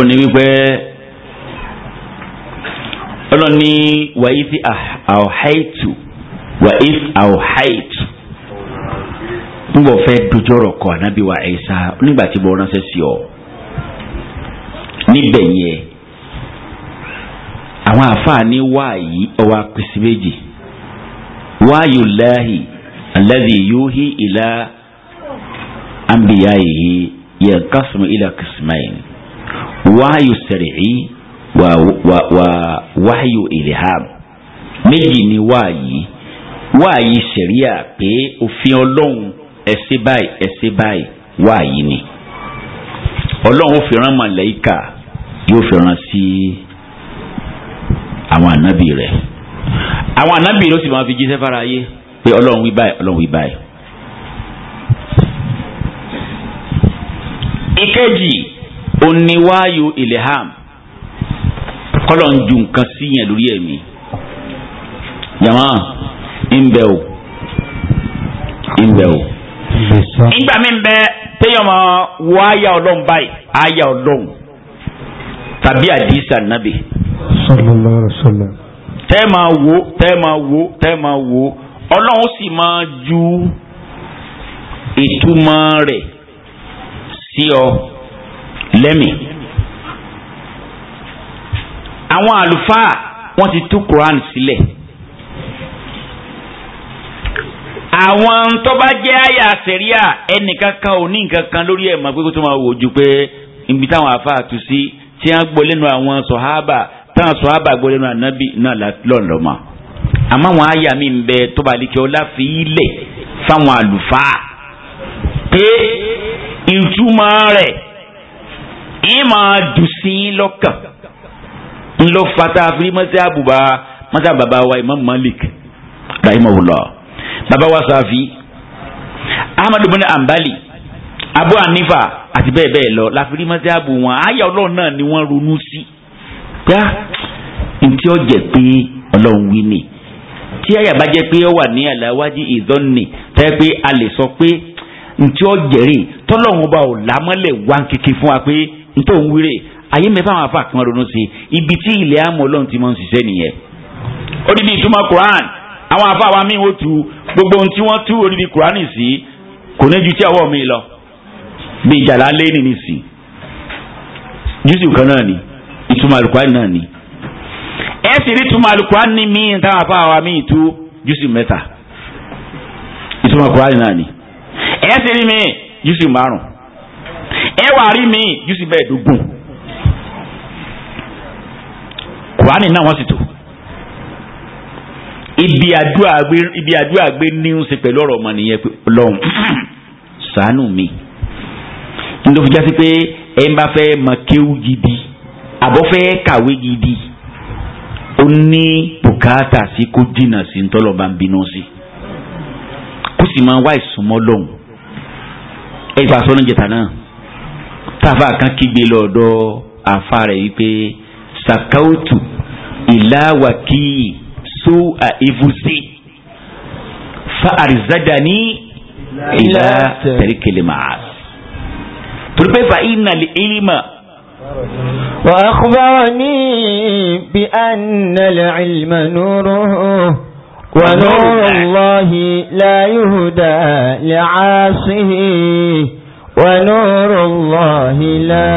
ó ní wípé ọlọ́ni wàyíti àwòháìtù wàyíf àwòháìtù n bò fẹ́ dojọ́rọ̀ kọ́ ànábì wa ẹ̀sà nígbà tí mo ránṣẹ́ sí ọ níbẹ̀ yẹn àwọn àfààní wáàyí ọwọ́ apèsè méjì wáàyò láàyè alladhi yuhi ìlà àǹbìyá yìí yẹ kásùmù ìlà kìsìmáyìí wáyù sẹ̀rẹ̀ẹ́ wà wà wáyù ìlẹ̀hàm méjì ni wáyì wáyì sẹ̀ríà pé òfin ọlọ́run ẹ̀sẹ̀ báyìí ẹ̀sẹ̀ báyìí wáyì ni ọlọ́run fi rán màlẹ́kà yóò fi rán sí àwọn ànábì rẹ̀ àwọn ànábì ló sì máa fi jíṣẹ́ fara ayé pé ọlọ́run wí báyìí ọlọ́run wí báyìí. ìkejì O ní wáyò ilham kọ́lọ̀ ń ju nǹkan sí yẹn lórí ẹ̀mí jama ń o ń o. nígbà mi bẹ téèyàn máa wọ ọlọ́run báyìí àyà ọlọ́run tàbí àdìsá nàbì. sallallahu alaihi máa wo tẹ́ máa wo tẹ́ máa wo ọlọ́run sì máa ju ìtumọ̀ rẹ̀ sí ọ lẹ́mì. àwọn àlùfáà wọ́n ti tú Quran sílẹ̀. àwọn tó bá jẹ́ àyà sẹ̀ríà ẹnìkan kan ò ní nǹkan kan lórí ẹ̀ mọ́ pé kó tó máa wò ju pé ibi táwọn àáfàá tú sí tí wọ́n gbọ́ lẹ́nu àwọn sọ̀hábà táwọn sọ̀hábà gbọ́ lẹ́nu ànábì náà lọ́nlọ́mọ́ àmọ́ àwọn àyà mi ń bẹ tó bá lè kí ọlá fáwọn àlùfáà pé ìtumọ̀ rẹ̀ yín máa dùn sí yín lọ́kàn ńlọ fata fi mọ́sáàbù bá mọ́sáàbù bàbá wa imam malik rahimahullah bàbá wa sàfi ahmadu bin ambali abu anifa àti bẹ́ẹ̀ bẹ́ẹ̀ lọ láfiri mọ́sáàbù wọn àyà ọlọ́run náà ni wọ́n ronú sí pé ah, ntí ó jẹ́ pé ọlọ́run wí ni tí àyà bá jẹ́ pé ó wà ní àláwájú ìdánni tẹ́ pé a lè sọ pé ntí ó jẹ́rìí tọ́lọ́run bá ò lámọ́lẹ̀ wá kékeré fún wa pé ntọ́ ń wíre ayé mẹ́fà àwọn afa kan ronú sí ibi tí ilẹ̀ àmọ́ ọlọ́run ti máa ń ṣiṣẹ́ nìyẹn. odidi ìtumọ̀ Quran àwọn afa wa mi ò tu gbogbo ohun tí wọ́n tú odidi Quran sí kò ní ju tí àwọ̀ mi lọ bí ìjàlá lé ní nìsín jùsù kan náà ni ìtumọ̀ Al-Quran náà ni ẹ sì rí ìtumọ̀ Al-Quran ní míì táwọn afa wa mi tu jùsù mẹ́ta ìtumọ̀ Quran náà ni ẹ sì rí mi jùsù márùn-ún ẹ wà rí mi jù sí bẹ́ẹ̀ dógún kùránì náà wọ́n sì tò ibi àdúrà gbé ibi àdúrà gbé ní ń ṣe pẹ̀lú ọ̀rọ̀ ọmọ nìyẹn pé ọlọ́run ṣàánú mi nítorí jásí pé ẹ ń bá fẹ́ mọ kéwú gidi àbọ̀ fẹ́ kàwé gidi ó ní bùkátà sí kó jìnnà sí ntọ́lọ́ba ń bínú sí kó sì máa wá ìsúnmọ́ lọ́hùn ẹ gbà sọ́nà jẹ̀tà náà táfà kan kígbe lọ́dọ̀ àfa rẹ̀ wípé sakautu ìlàwàkì so a evusi fa arzadani ìlà tẹ̀ríkẹlẹ̀ màá. torí fa iná lè ilima. وأخبرني بأن العلم نوره ونور الله لا يهدى لعاصيه ونور الله لا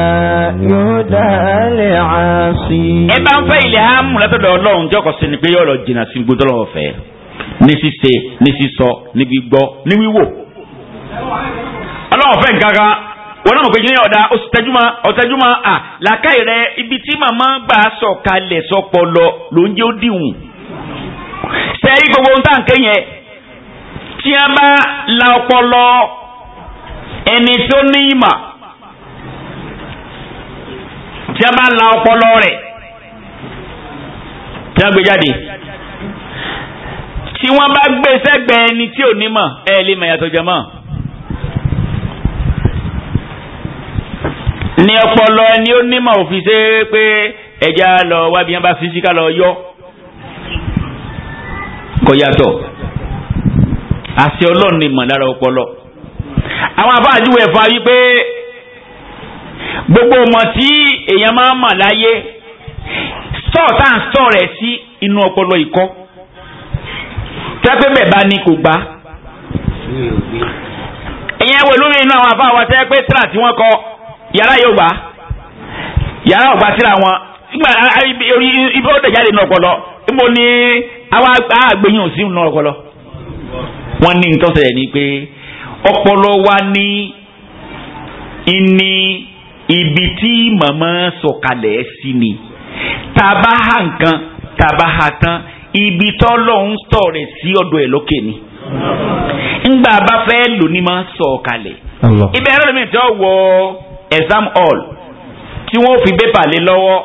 يهدى لعاصي ẹ bá ń fẹ́ ilé hàmù látọ̀dọ̀ ọlọ́run jọ́kọ̀ sí ni pé yọ̀rọ̀ jìnnà sí gbogbo ọlọ́run fẹ́ ní ṣíṣe ní sísọ ní gbígbọ́ ní mọ̀ pé yíyan ọ̀dà oṣù tẹ́júmọ́ à làákàyè rẹ ibi tí màmá gbà sọ̀kalẹ̀ sọpọ̀ lọ ló ń jẹ́ ó dìwùn. sẹ́yìn gbogbo ohun tá kéyẹn tí a bá la ọpọlọ ẹni tó ní ìmọ̀ tí a bá la ọpọlọ rẹ̀ tí wọ́n gbé jáde tí wọ́n bá gbé sẹ́gbẹ̀ẹ́ ẹni tí ò ní mọ̀ ẹ lè mọ̀ yàtọ̀ jẹ́ mọ́. ní ọpọlọ ẹni ó nímọ̀ òfin ṣe pé ẹja lọ wábi yẹn bá fisika lọ yọ kò yàtọ̀ àṣẹ ọlọ́run mọ̀ lára ọpọlọ àwọn àbájúwe fún wa wípé gbogbo ọmọ tí èèyàn máa ń mọ̀ láyé stọ̀ tá à ń stọ̀ rẹ̀ sí inú ọpọlọ ìkọ́ tẹ́pẹ́ bẹ̀ bá ní kò gbá. ìyẹn wo lórí inú àwọn àbáwọ̀ tẹ́ pé tíra tí wọ́n kọ yàrá yóò gbà yàrá ọ̀gbà tíra wọn nígbà ibi ó dẹ̀jáde inú ọpọlọ níbo ni àwọn àgbẹ̀yìn ò sí inú ọpọlọ. wọ́n ní nǹkan sọ̀rọ̀ ni pé. ọpọlọ wa ni ibi tí màmá sọkalẹ̀ sí ni tàbá ha nǹkan tàbá ha tán ibi tọ́ lọ́hún tọ̀ rẹ̀ sí ọ̀dọ̀ ẹ̀ lókè ni ńgbà bá fẹ́ lò máa sọ̀kalẹ̀ ibẹ̀ ẹ̀rọ mi tí ó wọ exam hall tí wọ́n fi bébà lé lọ́wọ́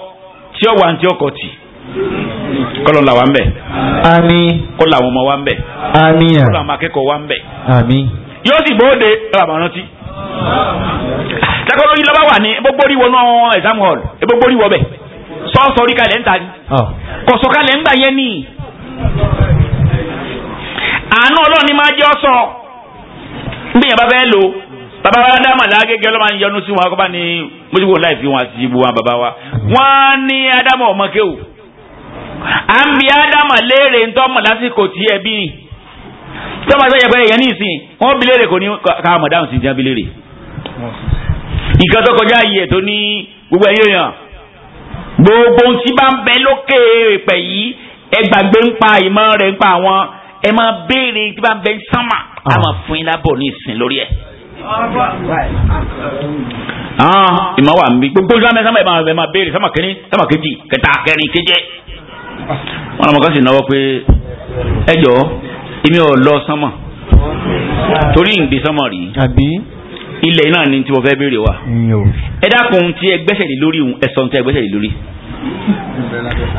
tí ó wà ní la wa ń wa ń Ami wa Ami. yóò sì bóde ọlọ́mọ rántí. tẹkọlóyìn lọ́ba wà ní gbogbo orí wọnú exam hall gbogbo orí wọbẹ̀ sọ́ọ̀sọ̀ orí kalẹ̀ ń ta ni ah. kọ̀sọ̀ kalẹ̀ ń gbà yẹn ni àánú ọlọ́run ni máa jẹ́ ọ sọ bí yẹn bá fẹ́ lò bàbá wa dáhùn àlágége ọlọ́run máa ń yọnu sí wọn akọ́bá ni mójúkò láì fi wọn àti ibu wọn bàbá wa wọn ní ádámù ọmọ kéwù à ń bi ádámù léèrè ńtọ́mọ̀ lásìkò tí ẹbí tí wọ́n bá sẹ́yẹ pẹ́rẹ́ yẹn ní ìsìn wọ́n bi léèrè kò ní ká mọ̀ dáhùn sí ìjẹun bi léèrè. nǹkan tó kọjá yìí ẹ̀ tó ní gbogbo ẹ̀yìn èèyàn gbogbo ohun tí bá ń bẹ lókè èèpẹ̀ yìí ẹ gbàgbé ń pa ìmọ̀ rẹ̀ ń pa àwọn ẹ máa béèrè tí bá ń bẹ ń sánmà á máa fún yín lábọ̀ ní ìsìn lórí ẹ̀. Ah, ìmọ̀ wà ń bí gbogbo ìgbà mẹ́sàn-án ẹ̀ máa béèrè sánmà kínní sánmà kejì kẹta kẹrin keje. wọn làwọn kan sì náwó pé ẹ jọ̀ọ́ èmi ò lọ sánmọ̀ torí ń gbé sánmọ̀ rí ilẹ̀ náà ni tí mo fẹ́ béèrè wa ẹ dákun tí ẹ gbẹ́sẹ̀ lé lórí òun ẹ sọ ní tí ẹ gbẹ́sẹ̀ lé lórí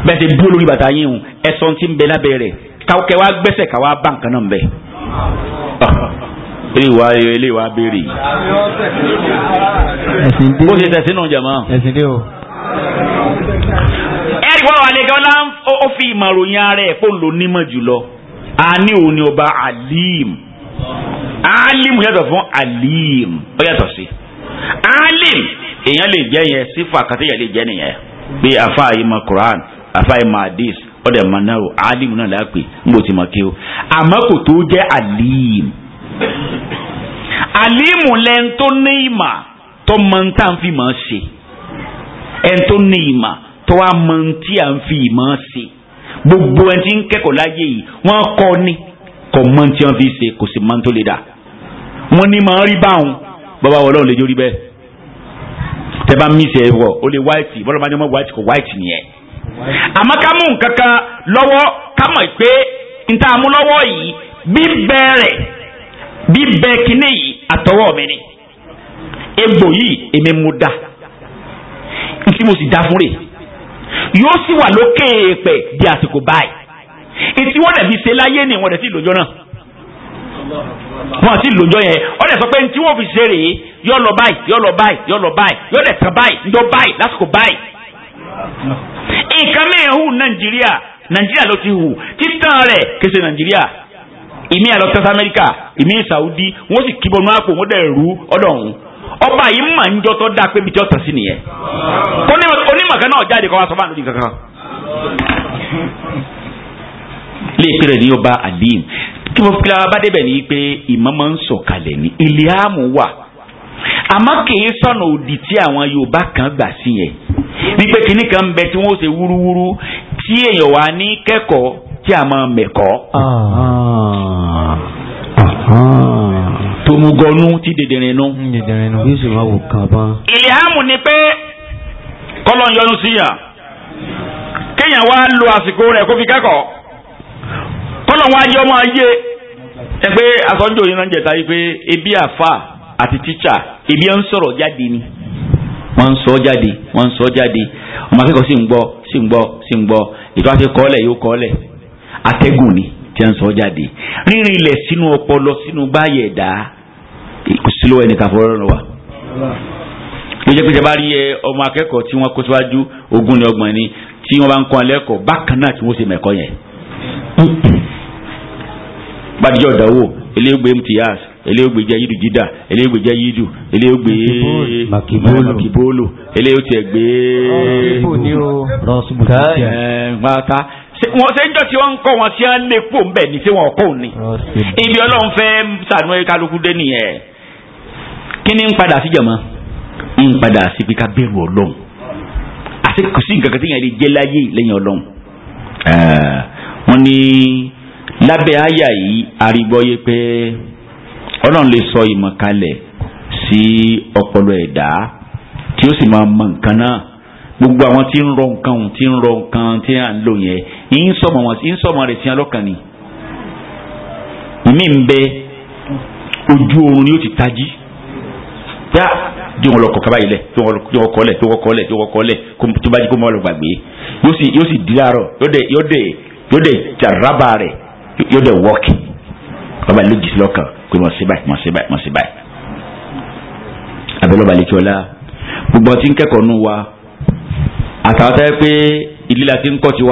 bẹ́ẹ̀ ti bú olórí bàtà yín òun ẹ sọ ti ń bẹ lábẹ́ rẹ̀ káwọ́kẹ́ wá gbẹ́sẹ̀ káwá bá nǹkan náà ń bẹ. eléwà eléwà béèrè. bó ṣe tẹ̀sí náà jàmọ́. ẹ̀rí wọ́n wà lẹ́gàn ó fi ìmọ̀ ara ẹ̀ fóun ló nímọ̀ jùlọ ani ní ọba alim alim yàtọ̀ fún alim ó yàtọ̀ sí alim èèyàn lè jẹ́ yẹn sífà kàtí yẹn lè jẹ́ nìyẹn bí afa yìí ma quran afa yìí ma hadith ọ̀dẹ̀ ma náà o alim náà lápè ń bò tí ma kí o tó jẹ́ alim alimu lẹ́n tó ní ìmọ̀ tó mọ ń tà ń fi mọ̀ ṣe ẹ̀ ń tó ní ìmọ̀ tó wá mọ ń tí à ń fi ìmọ̀ ṣe gbogbo ẹni tí ń kẹ́kọ̀ọ́ láyé yìí wọ́n kọ́ ni kò mọ tí wọ́n fi ṣe kò sì mọ tó lè dà wọ́n ní máa ń rí báwọn bàbá wọn lọ́run lè jó rí bẹ́ẹ̀ tẹ bá mí sẹ́ wọ̀ ó lè wáìtì bọ́lá bá ní ọmọ wáìtì kò wáìtì nìyẹn àmọ́ ká mú nǹkan kan lọ́wọ́ ká mọ̀ pé n tá a mú lọ́wọ́ yìí bíbẹ rẹ̀ bíbẹ kinní yìí àtọwọ́ mi ni egbò yìí èmi mú da n tí mo sì da fún rẹ̀ yóò sì wà lókè èèpẹ̀ di àsìkò báyìí ìtí wọ́n dẹ̀ fi ṣe láyé ni wọ́n dẹ̀ sì lọ́jọ́ náà wọ́n sì lọ́jọ́ yẹn wọ́n dẹ̀ sọ pé ntí wọ́n fi ṣe rèé yọ lọ báyìí yọ lọ báyìí yọ lọ báyìí yọ dẹ̀ tán báyìí ńdọ́ báyìí lásìkò báyìí. nǹkan mẹ́rin hù nàìjíríà nàìjíríà ló ti hù títàn rẹ̀ kése nàìjíríà ìmí àlọ́ tẹ́sí amẹ́ríkà ìmí saudi wọ́n sì kíbọnú àpò wọ́n ọba yìí mà ń jọ tó dáa pé bìtì ọ̀tàn sí nìyẹn onímọ̀ kan náà jáde kọ́ wa sọ fún àlùjì kankan ọba aliyu kí mo fi lára bá débẹ̀ ní pé ìmọ̀ máa ń sọ̀kalẹ̀ ilé àmú wà àmọ́ kìí sọ̀nà òdì tí àwọn Yorùbá kan gbà sí yẹn wípé kinní kan bẹ tí ṣe wúrúwúrú tí èèyàn wà ní kẹ́kọ̀ọ́ tí a máa mẹ̀kọ́. Ah, ah. Ah, tòmùgọ́nú ti dèdèrè nù. ìlíhàmù ni pé kọ́lọ́ ń yọnu sí yàn kéèyàn wá lo àsìkò rẹ̀ kó fi kẹ́kọ̀ọ́ kọ́lọ́ wá jẹ́ ọmọ ayé ẹ pé asọ́njò yìí náà jẹ̀ta yìí pé ebi àfa àti tíṣà ebi ń sọ̀rọ̀ jáde ni wọ́n ń sọ jáde wọ́n ń sọ jáde ọmọ akẹ́kọ̀ọ́ sì ń gbọ́ sì ń gbọ́ sì ń gbọ́ ètò àti kọ́ọ̀lẹ̀ yóò kọ́ọ̀lẹ̀ atẹ́gùn ni tí wọ́n ń sọ jáde rírìn ilẹ̀ sínú ọpọlọ sínú báyẹ̀dá kò sí lọ́wọ́ ẹnìkan fọlọ́ lọ́wọ́ ló jẹ́ pé jẹba rí ẹ eh, ọmọ akẹ́kọ̀ọ́ tí wọ́n kó síwájú ogún ní ọgbọ̀n ni tí wọ́n bá ń kọ́ ọ lẹ́kọ̀ọ́ bákan náà tí wọ́n ṣe mẹ́kọ́ yẹn. gbadijọ́ ìdánwò eléyògbé mts eléyògbé jẹ́ yídù jídà eléyògbé jẹ́ yídù eléyògbé makibolo eléyòtì ẹgbẹ́. pátá wọ́n ṣe ń jọ tí wọ́n ń kọ́ wọn sí ẹ́ lè pò ń bẹ̀ ní sí wọn kò ní. ibi ọlọ́run fẹ́ sànú kálukú dé nìyẹn kí ni ń padà sí jọ̀mọ́ ń padà sí pé ká bẹ̀rù ọlọ́run àti kò sí nǹkan kan tí yẹn lè jẹ́ láyé lẹ́yìn ọlọ́run. Eh, wọ́n ní lábẹ́ àyà yìí arígbọ́yé pé ọlọ́run lè sọ ìmọ̀ kalẹ̀ sí ọpọlọ ẹ̀dá tí ó sì máa mọ nǹkan náà gbogbo àwọn tí ń rọ nǹkan tí ń rọ nǹkan tí à ń lò yẹn ń sọmọ wọn ń sọmọ rẹ̀ sí ọlọ́kàn ni ìmí ń bẹ ojú oorun ni ó ti tají yá di wọn lọ kọ kaba yìí lẹ di wọn kọ lẹ di wọn kọ lẹ di wọn kọ yode yode bá jí kó má lọ gbàgbé yóò sì yóò sì di láàárọ̀ yóò dẹ yóò dẹ yóò dẹ jaraba rẹ yóò dẹ wọọkì bàbá ló jì sí lọ́kàn pé wọn ṣe wa àtàwọn táyà pé ilé la ti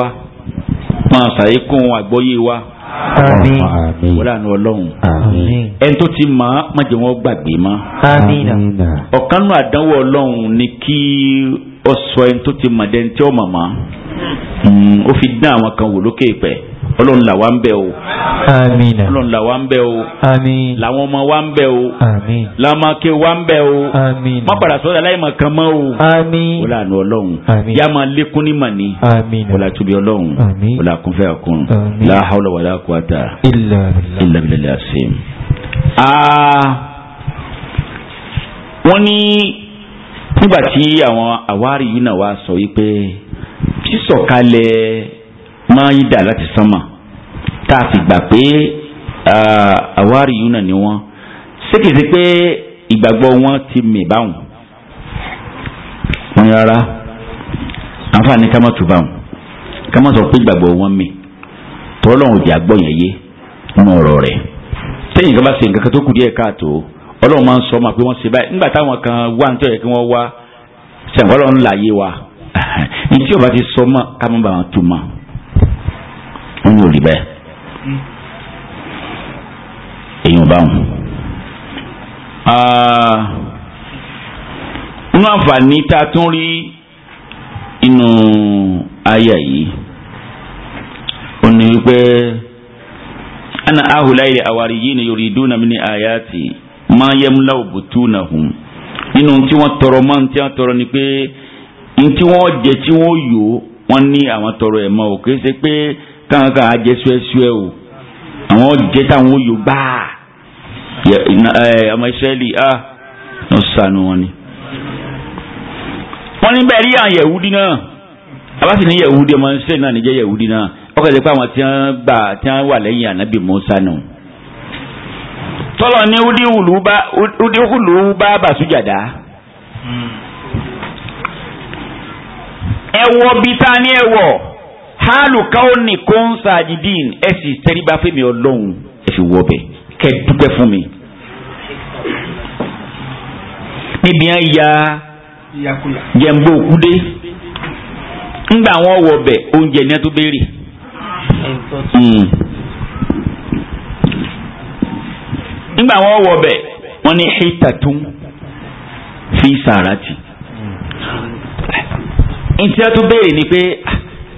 wa àmín ọlọ́run ẹni tó ti má gbàgbé mọ́ àdánwò ọlọ́run ni kí ọ sọ ẹni tó ti mọ̀ dẹ́ni tí ó mọ̀ mọ́ hmm, ó fi dán àwọn kan wò lókè pẹ̀. ọlọ́run là wá ń bẹ̀ o. àmín. ọlọ́run là ń bẹ̀ o. àmín. làwọn ọmọ wa ń bẹ̀ o. àmín. làmàkè wa ń bẹ̀ o. àmín. má padà sọ́dọ̀ aláìmọ̀ kan mọ́ o. àmín. wọ́n lànà ọlọ́run. àmín. yá máa lékún ní màní. àmín. wọ́n là tóbi ọlọ́run. àmín. wọ́n là kúnfẹ́ àkún. àmín. la hawla wala quwata. illa billah. illa billah asim. aa wọ́n ní nígbà tí àwọn àwárí máa yí dà láti sánmà tá a fi gbà pé àwárí yìí náà ni wọ́n ṣékèsí pé ìgbàgbọ́ wọn ti mì báwọn wọn rárá àǹfààní ká má tù báwọn ká má sọ pé ìgbàgbọ́ wọn mì tọ́lọ́run òjì àgbọ̀ yẹn yé nínú ọ̀rọ̀ rẹ̀ tẹ́yìn kan bá ṣe nǹkan kan tó kù díẹ̀ káàtó ọlọ́run máa ń sọ ma pé wọ́n ṣe báyìí nígbà táwọn kan wá nítorí kí wọ́n wá ṣàǹkọ́ ọlọ́run láàyè wa ní tí o ti sọ mọ́ ká má bàa tó mọ́. Hmm. wọn yóò rí bẹ́ẹ̀ èyàn báwọn. nínú àǹfààní tá a tún rí inú ayé yìí ó ní wípé ana ahulayi awariyina yuriduna mini ayati ma yamlau butunahum nínú tí wọ́n tọrọ mọ́ ní tí wọ́n tọrọ ni pé ní tí wọ́n jẹ tí wọ́n yò wọ́n ní àwọn tọrọ ẹ̀ mọ́ ò kì í ṣe pé táwọn kan á jẹ suẹsuẹ o àwọn jẹ táwọn yóò gbáà ọmọ Ísírẹ́lì a lọ sànù wọn ni. wọn ní bẹ́ẹ̀ rí àwọn yẹ̀wúdí náà abáṣe ní ọmọ Ísírẹ́lì náà níjẹ́ yẹ̀wúdí náà ọkọ̀ ìdẹ́pẹ́ àwọn tí wọ́n gbà tí wọ́n wà lẹ́yìn ànábì Mùsá nù. tọ́lọ̀ ní udihulu bá bàṣújàdá. ẹ wọ bíi ta hálù káwọn nìkan sàdídìn ẹ sì tẹríba fẹmi ọlọ́run ẹ fi wọ bẹ kẹ dúpẹ́ fún mi. níbi yẹn ya jẹ̀mbó kúdé ńgbà wọn wọ bẹ oúnjẹ ní ẹ tó béèrè. Hmm. ńgbà wọn wọ bẹ wọn ní hitatun fi sàràtì. ìṣẹ́ hmm. tó béèrè ni pé. Ah,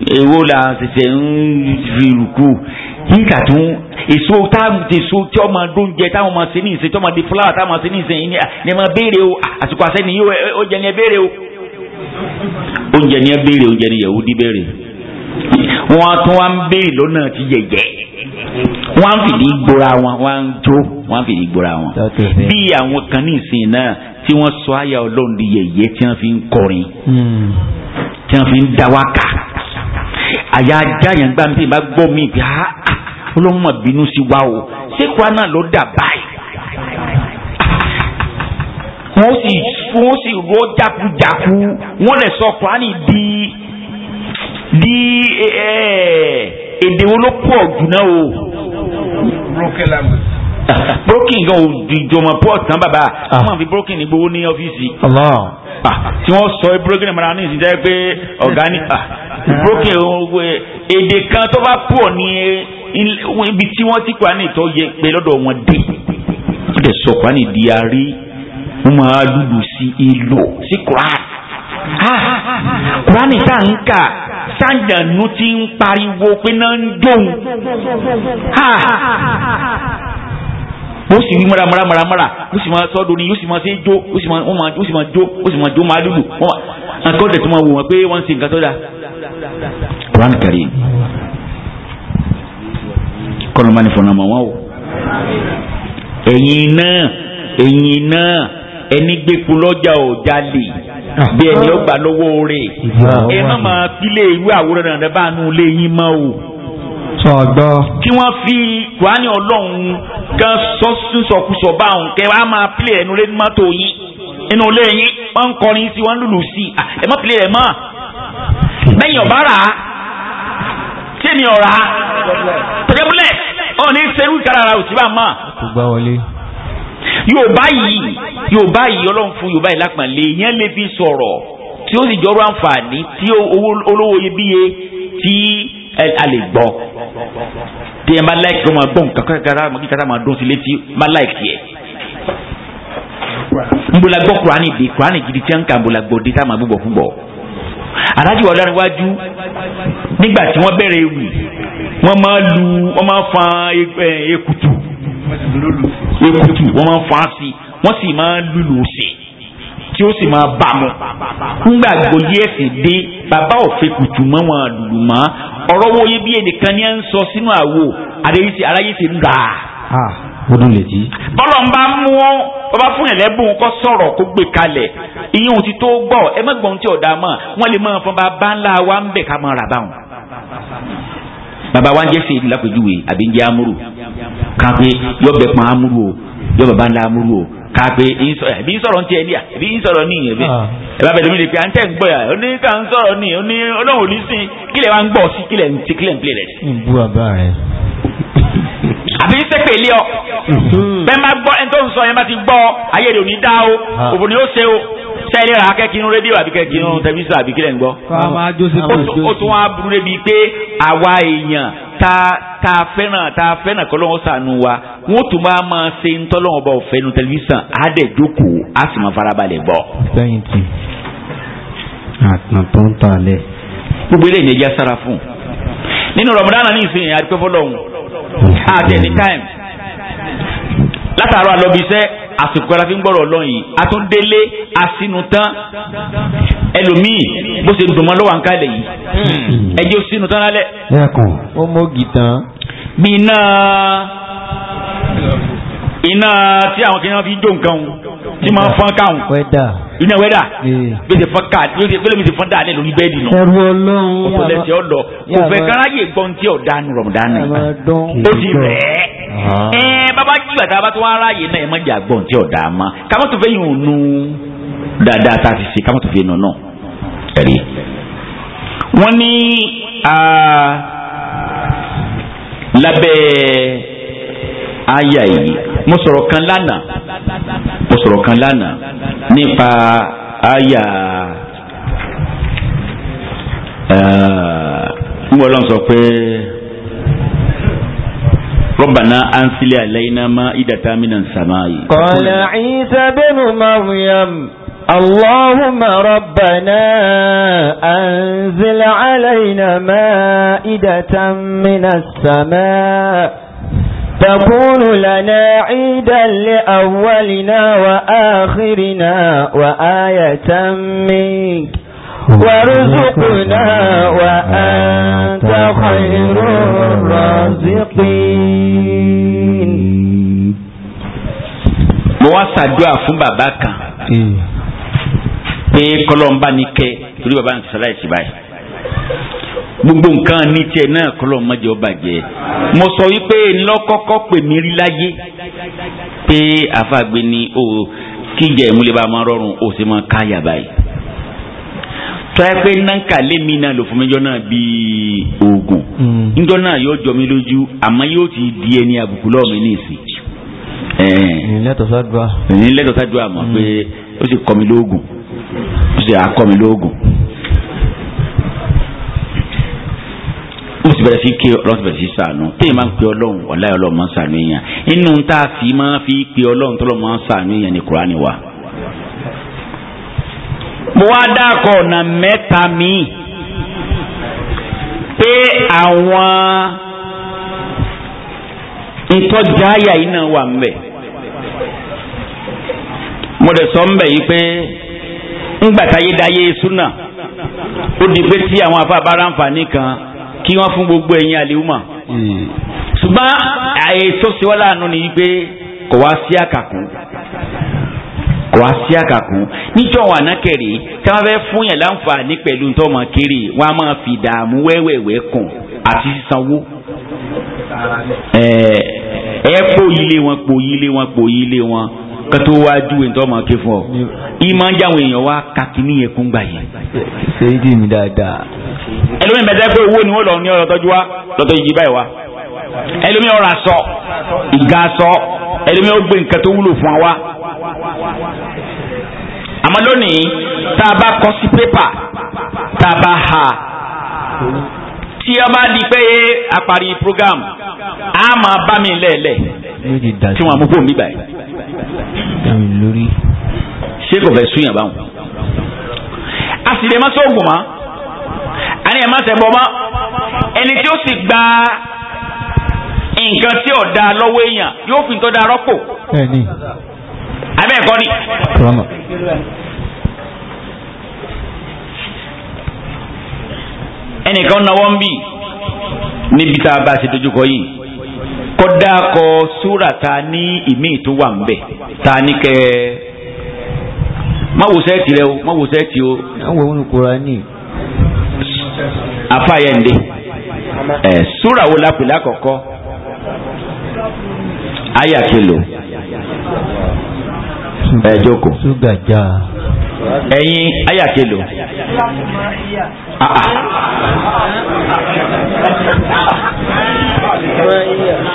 Ewo la ṣẹ̀ṣẹ̀ ń fi rùkú yíkà tún èso táwọn èso tí ọmọ dóúnjẹ táwọn ọmọ sí ní ìsìn tí ọmọ di fúláwà táwọn ọmọ sí ní ìsìn ni, ẹ máa béèrè o àsìkò àṣẹ nìyí ó jẹ ní ẹ béèrè o oúnjẹ ní ẹ béèrè oúnjẹ ní di béèrè wọn á tún wá ń béèrè lọ́nà ti yẹ̀yẹ́ wọn á fìdí gbora wọn wọn á ń jó wọn á fìdí gbora wọn bí àwọn kan ní ìsìn náà tí wọ́n sọ àyà Ọlọ́run di yẹ̀yẹ́ tí wọ́n fi ń kọrin hmm. tí wọ́n fi ń dawaka àyà ajá yẹn gbà mí tí ìbá gbọ́ mí gbà á ọlọ́mọ bínú sí wa o ṣé kura náà ló dà báyìí. wọ́n sì wọ́n sì rọ jákujáku wọ́n lè sọ kúránì di di èdè wo ló pọ̀ jù náà o. brokin gan o jọmọ pọ̀ tán bàbá ah. wọ́n fi brokin ní gbowó ní ọ́fíìsì. Ah, tí wọ́n sọ brokin mara ní ìsìn jẹ́ pé ọ̀gá ni. Ah, ìbókè èdè kan tó bá pọ̀ ní ibi tí wọ́n ti kwani tó yẹ pé lọ́dọ̀ wọn dé ó dẹ̀ sọ kwani di arí wọ́n máa lùlù sí ìlò sí kuran ah, kurani tá n kà sájànú ti ń pariwo pé náà ń dóhùn ó ah, sì wí mara mara mara mara ó sì máa sọ́dọ̀ ni ó sì máa ṣe jó ó sì máa jó ó sì máa jó máa lùlù nǹkan tẹ̀ tó máa wò wọ́n pé wọ́n ń ṣe nǹkan tó dáa. Quran Karim kọlọmọ ni fọnàmọ wọn o ẹ̀yin náà ẹ̀yin náà ẹni gbẹkú lọ́jà ò jalè bí ẹni ó gbà lọ́wọ́ rẹ̀ ẹ má máa pílé irú àwòrán náà bá nu lé yín mọ́ o. sọgbọ́. kí wọ́n fi kùránì ọlọ́run kan sọ́sọ́kùsọ bá òun kẹ́ wàá máa pílé ẹnu lé mọ́tò yín inú lé yín wọ́n ń kọrin sí wọ́n ń lùlù sí ẹ má pílé ẹ mọ́ bẹ́yìn ọ̀bá rà á tí èmi ọ̀rà á tẹ̀gẹ́bùlẹ̀ ọ̀ ní serú ìkara ara òtí bá mọ̀. kò gbá wọlé. yorùbá yìí yorùbá yìí ọlọ́run fún yorùbá yìí lápàlẹ́ yẹn lè fi sọ̀rọ̀ tí ó sì jọrọ àǹfààní tí owó olówó iyebíye tí a lè gbọ́ tí ẹ bá láìkì ọmọ gbọ́n kankan kára máa dún sí létí má láìkì ẹ̀ nbolagbọ kurani di kurani gidi tiɲɛ kan bolagbọ di ta ma bubọ fún bọ aláàjì wà láríwájú nígbà tí wọ́n bẹ̀rẹ̀ ewì wọ́n máa lu wọ́n máa fa e-, eh, ekutu ekutu wọ́n máa fa si wọ́n sì máa lùlù sí tí ó sì máa bà mọ́ nígbà gbòye ẹ̀sìn dé bàbá òfin kùtù mọ́ wọn lùlù mọ́ ọ̀rọ̀ wo yé bí ẹnìkan ní à ń sọ sínú àwo àdéhìí aráyé ti ń dà. Ah, bọ́lọ̀ ń bá mú ọ́ wọ́n bá fún ẹ̀lẹ́bùn kọ́ sọ̀rọ̀ kó gbé kalẹ̀ ìyẹn òtí tó gbọ́ ẹ má gbọ́n tí ọ̀dà mọ̀ wọ́n lè máa fọn bàbá ńlá wa ń bẹ̀ ká máa rà báwọn. bàbá wa ń jẹ́ fèèdì lápèjúwe àbí ń jẹ́ amúrù kápé yọ bẹ̀ pọn amúrù o yọ bàbá ńlá amúrù o kápé ẹbí ń sọ̀rọ̀ ń tiẹ̀ níyà ẹbí ń sọ̀rọ̀ níyì ẹbí ah. ẹ bá bẹ̀rẹ̀ mi lè pe à ń tẹ̀ ń gbọ́ yà ó ní ká ń sọ̀rọ̀ níyì ó ní ọlọ́run ní sìn kílẹ̀ wa ń gbọ́ sí kílẹ̀ ń ti kílẹ̀ ń pilẹ̀ rẹ̀ sí. ń bú àbí sẹ́pẹ̀ lé ọ. Hmm. bẹ́ẹ̀ máa gbọ́ ẹni tó ń sọ yẹn bá ti gbọ́ ayé rẹ̀ ò ní dá o òbò ni ó ṣe o sẹ́ẹ̀lì ra akẹ́kínú rédíò àbí kẹ́kínú tẹ̀mísà àbí kílẹ̀ ń gbọ́. ó tún wá burú débi pé àwa èèyàn ta ta fẹ́ràn ta fẹ́ràn kọ́ lọ́wọ́ sànù wa wọ́n tún bá máa ṣe ń tọ́lọ́wọ́ bá òfẹ́ nu tẹlifíṣàn á dẹ̀ jókòó á sì máa farabalẹ̀ bọ̀. fẹ́yìntì àtàn tó ń tọ́ alẹ́. gbogbo eléyìí ni ẹ já sára fún un nínú Ramadan ní ìsìn àdúgbò fọlọ́hún at any time látàárọ̀ àlọ́bíṣẹ́ àsìkò ara fi ń gbọ́rọ̀ ọlọ́run yìí atúndélé àsínú tán ẹlòmíì bó ṣe dùnmọ́ lọ́wọ́ àǹkálẹ̀ yìí hmm. ẹjẹ́ òsínú tán lálẹ́. ẹ̀kùn ó mógi tán. bí náà iná tí àwọn kìnìún fi jó nǹkan o tí máa fọ́n káwọn iná wẹ́dà eh. bí ti fọ́n ká bí lómi ti fọ́n dà lẹ́ lórí bẹ́ẹ̀dì náà ẹ̀rù ọlọ́run kò lẹ́sẹ̀ ọ̀dọ̀ kò fẹ́ káráyè gbọ́n tí ọ̀dà ń rọ̀ dáná ó ti rẹ̀ ẹ́ ah. ẹ́ bàbá jìgbà tá a bá tó wá ráyè náà ẹ̀ má jà gbọ́n tí ọ̀dà má kámọ́ tó fẹ́ yín ò nu dáadáa tá a ti ṣe kámọ́ tó fẹ́ nù náà àyà yìí mo sọ̀rọ̀ kan lánàá mo sọ̀rọ̀ kan lánàá nípa àyà nbọ̀ lọ́n sọ pé ربنا أنزل علينا مائدة من السماء قال عيسى بن مريم اللهم ربنا أنزل علينا مائدة من السماء تكون لنا عيدا لأولنا وآخرنا وآية منك وارزقنا وأنت خير الرازقين mo wá ṣàdúrà fún bàbá kan hmm. pé kọlọ́mbà ní kẹ́ torí bàbá náà ti sọ láìsí báyìí gbogbo nǹkan ní tiẹ̀ náà kọ́lọ́ mọ́jẹ́ ó bàjẹ́ mo sọ wípé ńlọ́kọ́kọ́ pè mí rí láyé pé àfàgbé ni o kíjẹ ìmúlẹ̀ bá máa rọrùn o sì máa káyà báyìí tọ́yà pé náǹkà lémi náà lò fún mi jọ náà bíi oògùn hmm. njọ náà yóò jọ mi lójú àmọ́ yóò ti di ẹni àbùkù lọ́ọ̀ mi ní ìsìn. ìyìn sádùá. ìyìn lẹ́tọ̀ọ́ sádùá mọ̀ pé hmm. ó sì kọ́ mi lóògùn ó sì akọ́ mi lóògùn. ó sì bẹ̀rẹ̀ sí ké ọlọ́run sì bẹ̀rẹ̀ sí sànù téèyàn máa ń pe ọlọ́run ọ̀la ọlọ́run máa ń sànù èèyàn inú tá a fi máa fi pe ọlọ́run tó lọ́ọ́ máa ń sànù èèyàn ní kúránì wa. mo wá dákọ̀ ọ̀nà mẹ́ta míì pé àwọn ntọ́jà àyà yìí náà wà ń mo dẹ̀ sọ ń yìí pé ńgbàtàyé dayé súnà ó di pé tí àwọn afábára ń fà ní kí wọ́n fún gbogbo ẹ̀yin àlèhùmà. Hmm. ṣùgbọ́n àyè tó ṣe wá láàánú ni pé kò wá sí àkàkùn kò wá sí àkàkùn níjọ́ wà nákẹ́rì tí wọ́n fẹ́ fún yàn láǹfààní pẹ̀lú ntọ́mọ kiri wọ́n á máa fi dààmú wẹ́wẹ́wẹ́ kàn àti sísanwó. Eh, ẹ ẹ pòyìlé wọn pòyìlé wọn pòyìlé wọn kátó wá júwe ní tọ́mọ ké fún ọ ìmọ̀ ń jáwọn èèyàn wá kakínní yẹn kún gbà yẹn. ṣé ìdí mi dáadáa. ẹlòmíì bẹ̀rẹ̀ pé owó ni wọ́n lọ ní ọ̀rọ̀ tọ́jú wa lọ́tọ́ yìí báyìí wa ẹlòmíì ọ̀rọ̀ aṣọ ìga aṣọ ẹlòmíì ó gbé nǹkan tó wúlò fún wa. àmọ́ lónìí tá a bá kọ sí pépà tá a bá ha tí a bá di pé àparí program a máa bá mi lẹ́ẹ̀lẹ̀ tí wọ́n mú kó nígbà yìí. ṣé kò fẹ́ súnyàn báwọn. a sì lè má sóògùn mọ́ a ẹ̀ má sẹ́ mọ́ ẹni tí ó sì gba nǹkan tí ò lọ́wọ́ èèyàn yóò fi tó da rọ́pò. abẹ́ẹ̀kọ́ ni. ẹnìkan náwó ń bì níbi tá a bá ṣe dojúkọ yìí kọ́dá kọ súrà ta ní ìmíì tó wà ń bẹ̀ ta ní kẹ́ẹ́ má wò sẹ́ẹ̀tì rẹ o má wò sẹ́ẹ̀tì o. àwọn ohun kura ni. afáyẹ̀ǹde ẹ̀ súrà wo la pè lákọ̀ọ́kọ́ ayà kìlò ẹ̀ jókòó ẹ̀yin ayàkelo ah, ah.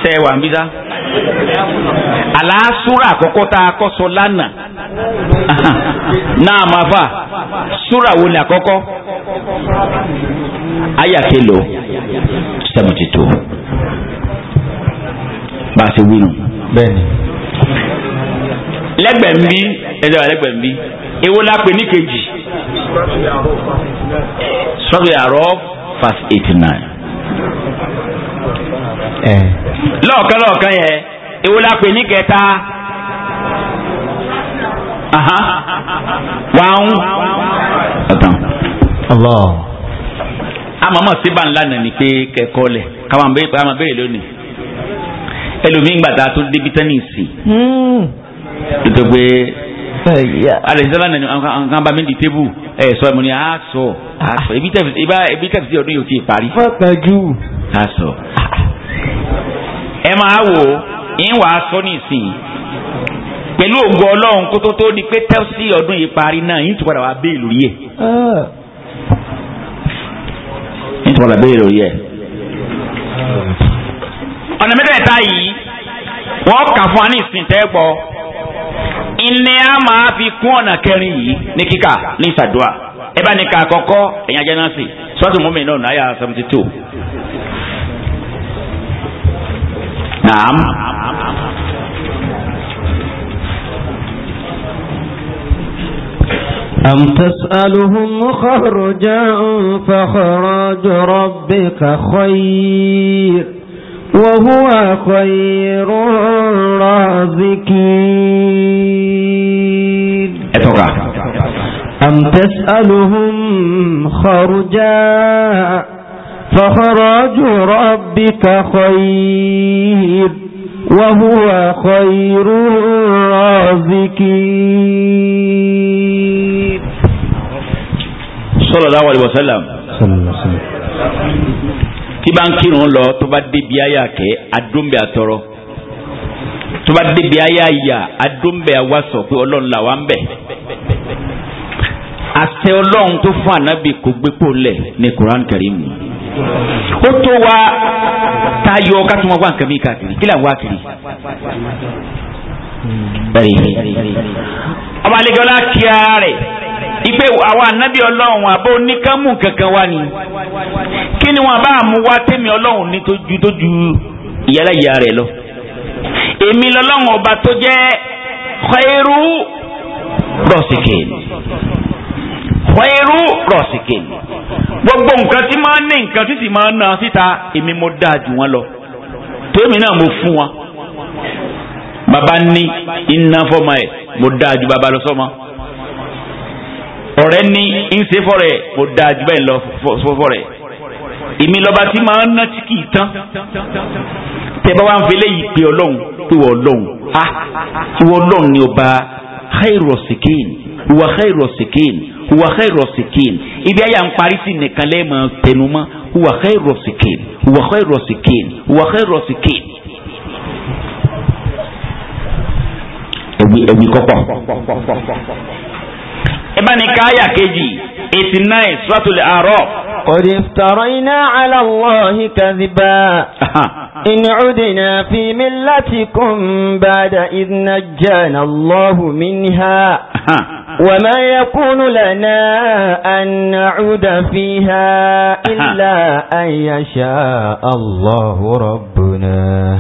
ṣe wà ń bí sá àlàásúrà àkọ́kọ́ tá a kọ́ sọ lánàá náà máa fà súrà wo ni àkọ́kọ́ ayàkelo seventy two bá a ṣe wí nù. lẹ́gbẹ̀ẹ́ ń bí ẹ̀jẹ̀ wà lẹ́gbẹ̀ẹ́ ń bí èwo la pè ní kejì sọ́ọ̀bù yàrá verse eighty nine. lọ́ọ̀kan lọ́ọ̀kan yẹn èwo la pè ní kẹta wàhún ọ̀tàn. àmọ́mọ́ síbà ńlá nà ní pé kẹ́kọ́ lẹ̀ káwọn béèrè lónìí ẹlòmíín gbàtà tó débi tẹ́nìsì. tó tó pé alẹ́sẹ̀lá nani nǹkan bá mi di tébù ẹ̀ sọ ẹ̀mú ni a sọ a sọ ibi tẹ̀sí ọdún yóò ti parí. fọ́tàjú. a sọ. ẹ máa wò ń wàá sọ nísìnyí pẹ̀lú ògo ọlọ́run kó tó tó di pé tẹ́sí ọdún yìí parí náà yìí tún padà wá bẹ́ẹ̀ lórí ẹ̀. yìí tún padà bẹ́ẹ̀ lórí ẹ̀. ọ̀nà mẹ́tẹ̀ẹ̀ta yìí wọ́n kà fún wa ní ìsìn tẹ́ gbọ́ ilé a máa fi kún ọ̀nà kẹrin yìí ní kíkà ní ìsàdúà ẹ bá ní ká àkọ́kọ́ ẹ̀yìn ajá náà sì sọ́ọ̀tù mọ́mí náà náà yà seventy two. أم تسألهم خرجا فخراج ربك خير وهو خير الرازقين أم تسألهم خرجا فخراج ربك خير وهو خير الرازقين صلى الله عليه وسلم صلى الله عليه وسلم tí bá ń kírun lọ tó bá débi àyà kẹ adóńbẹ àtọrọ tó bá débi àyà yà adóńbẹ àwàsọ pé ọlọ́run là wà ń bẹ̀. àṣẹ ọlọ́run tó fún ànábì kò gbépo lẹ̀ ní Quran Karim ó tó wa tayọ ká tó máa wá nǹkan mi káàkiri kí là ń wá kiri bẹ́ẹ̀ ni ọba àlejò ọlá kíá rẹ̀ ipe àwọn ànábì ọlọ́run àbó oníkánmù kankan wá ni kí ni wọn bá mú wá tèmi ọlọ́run ní tójú tójú ìyálà ìyá rẹ̀ lọ. èmi lọ́lọ́run ọba tó jẹ́ khairu rọ̀sìkìn khairu rọ̀sìkìn gbogbo nǹkan tí máa ń ní nǹkan tí sì máa ń na síta èmi mo dáa jù wọ́n lọ tèmi náà mo fún wọn baba ní iná fọmọ ẹ mo dáa jù baba lọ sọmọ. So ọ̀rẹ́ ní ìṣe fọ́rẹ̀ kò dáa jù bẹ́ẹ̀ lọ fọ́rẹ̀ èmi lọ́ba tí máa ń ná tí kì í tán tẹ bá wà ń fẹlẹ́ yìí pé ọlọ́run pé wọ́n ọlọ́run a wọ́n ọlọ́run ni ọba khairu sikin wa khairu sikin wa khairu sikin ibi ayé à ń parí sí nìkan lẹ́ẹ̀ máa tẹnu mọ́ wa khairu sikin wa khairu sikin wa khairu sikin. ẹ̀gbìn ẹ̀gbìn kọ́kọ́ ẹ bá ní káyà kejì eighty nine suratul A'raf. قد افترينا على الله كذبا إن عدنا في ملتكم بعد إذ نجانا الله منها وما يكون لنا أن نعود فيها إلا أن يشاء الله ربنا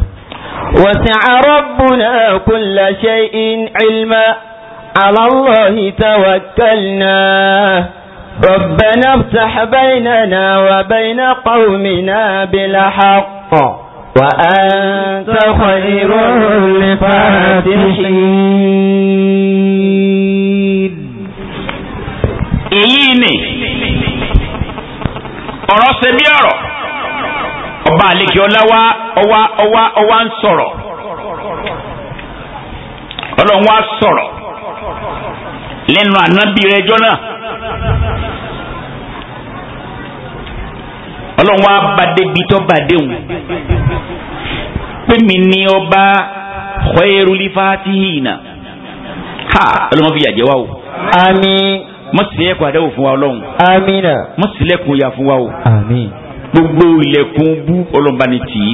وسع ربنا كل شيء علما على الله توكلنا ربنا افتح بيننا وبين قومنا بالحق وأنت خير الفاتحين èyí ni ọ̀rọ̀ ṣe bí ọ̀rọ̀ ọba àlekè ọláwá ọwá ọwá ọwá ń sọ̀rọ̀ ọlọ́run wá sọ̀rọ̀ lẹ́nu ànábì rẹ̀ jọ́nà. ọlọ́run wa bàdé bi tó bàdé òun pèmí ni ọba khairuli fatihina ha ọlọ́run fi yàjẹ́ wa o. àmín. mọ̀sílẹ̀kùn àdáwò fún wa ọlọ́run. àmínà. mọ̀sílẹ̀kùn yà fún wa o. àmín gbogbo ilẹ̀kùn bú ọlọ́mọba ni tì í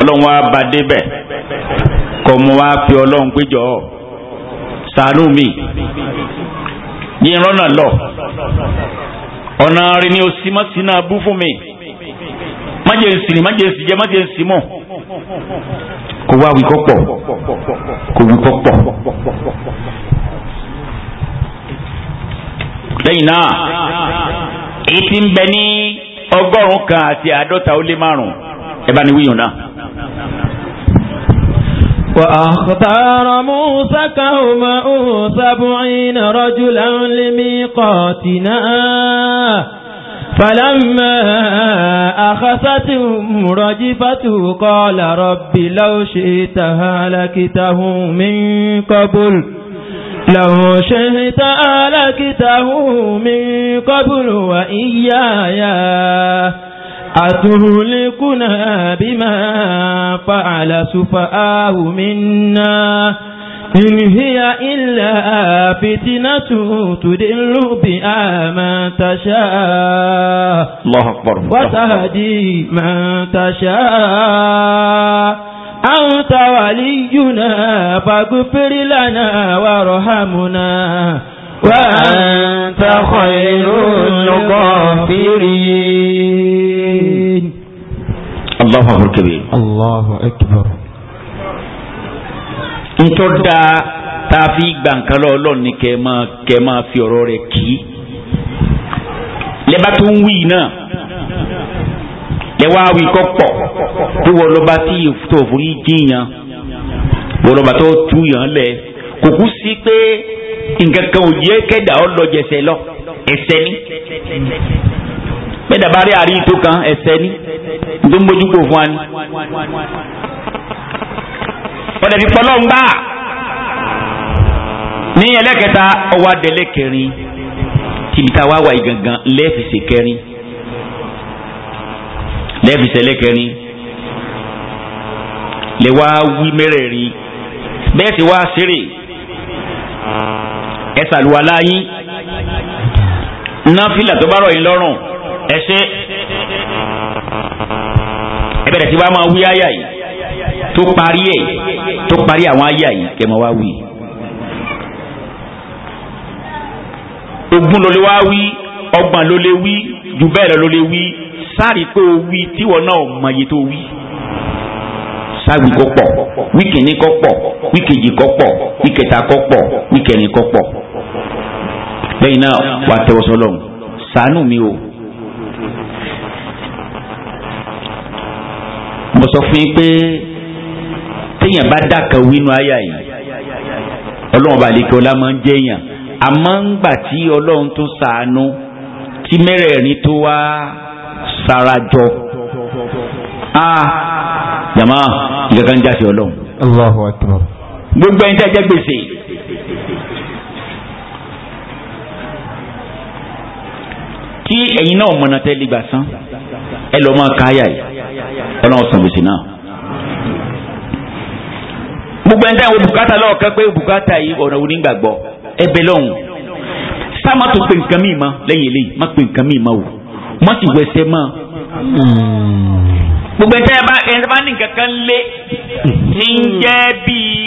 ọlọ́run wa bá débẹ̀ kọ́ wa pe ọlọ́run péjọ sàánú mi yín rọ́nà lọ ọ̀nà rẹ ni o sì má sí náà bú fún mi maje jẹ́ n sìn má jẹ́ n sì jẹ́ má jẹ́ n sì mọ̀ kó wá wí kó kan وأختار موسى كوم سبعين رجلا لميقاتنا فلما أخذتهم رجفة قال رب لو شئت هلكته من قبل لو شئت هلكته من قبل وإيايا أتهلكنا بما فعل سفآه منا إن هي إلا فتنة تدل بها من تشاء الله أكبر وتهدي من تشاء أنت ولينا فاغفر لنا وارحمنا وأنت خير الغافرين الله أكبر كبير الله أكبر nítorí dáa tá a fi gbà nǹkan lọ ọlọ́run ni kẹ́ ẹ máa kẹ́ ẹ máa fi ọ̀rọ̀ rẹ̀ kì í lẹ́bàá tó ń wí náà lẹ́wàá wí kọ́ pọ̀ bí wọ́n lọ́ba tí tó forí jìyàn wọ́n lọ́ba tó tú yàn lẹ̀ kò kú sí pé nǹkan kan ò jẹ́ kẹ́dà ọ lọ jẹsẹ̀ lọ ẹsẹ̀ ni bẹ́ẹ̀dà bá rí àrí tó kan ẹsẹ̀ ni tó ń bójútó fún wa ni. ọ̀dẹ̀ ti fọlọ́ ń bá ní ẹlẹ́kẹta ọwọ́ adẹ́lẹ́ kẹrin tìbí tá a wá wà yìí gangan lẹ́ẹ̀fìsẹ̀ kẹrin lẹ́ẹ̀fìsẹ̀ lẹ́kẹrin lè wá wí mẹ́rẹ̀ẹ̀rin bẹ́ẹ̀ sì wá sírè ẹ ṣàlùwàlá yín náfìlà tó bá rọ̀ yín lọ́rùn ẹ ṣe ẹ bẹ̀rẹ̀ sí wàá máa wí àyà yìí tó parí ẹ̀ tó parí àwọn àyà yìí kẹ́ máa wá wí. ogún ló lè wá wí ọgbọ̀n ló lè wí jù bẹ́ẹ̀ lọ ló lè wí sáà rí o wí tíwọ náà mọ iye tó wí sáwì kó pọ̀ wíkìíní kó pọ̀ wíkejì kó pọ̀ wíkẹta kó pọ̀ wíkẹrin kó pọ̀ lẹ́yìn náà wàá tẹ́wọ́ sọlọ́hún ṣàánú mi o. mo sọ fún yín pé téèyàn bá dàkà wínú àyà yìí ọlọ́run bá lékè ọlá máa ń jẹ́yàn àmọ́ ńgbà tí ọlọ́run tó ṣàánú tí mẹ́rẹ̀ẹ̀rin tó wá sarajọ. Ah, jama ìkankan jáde ọlọ́run. Allahu akbar. gbogbo ẹni tẹ́ jẹ́ gbèsè. tí ẹ̀yin náà mọ̀nà tẹ́ lè gbà san ẹ lọ́ọ́ máa káyà yìí ọlọ́run san gbèsè náà. gbogbo ẹni tẹ́ wo bùkátà lọ́ọ̀kan pé bùkátà yìí ọ̀nà wo gbàgbọ́ ẹ lọ́hùn sáà má nǹkan míì ma lẹ́yìn eléyìí má pe nǹkan míì ma o má sì wẹsẹ̀ ma gbogbo ẹ̀tẹ́ bá ẹ̀tẹ́ bá ní nǹkan kan lé ní hmm. jẹ́ bíi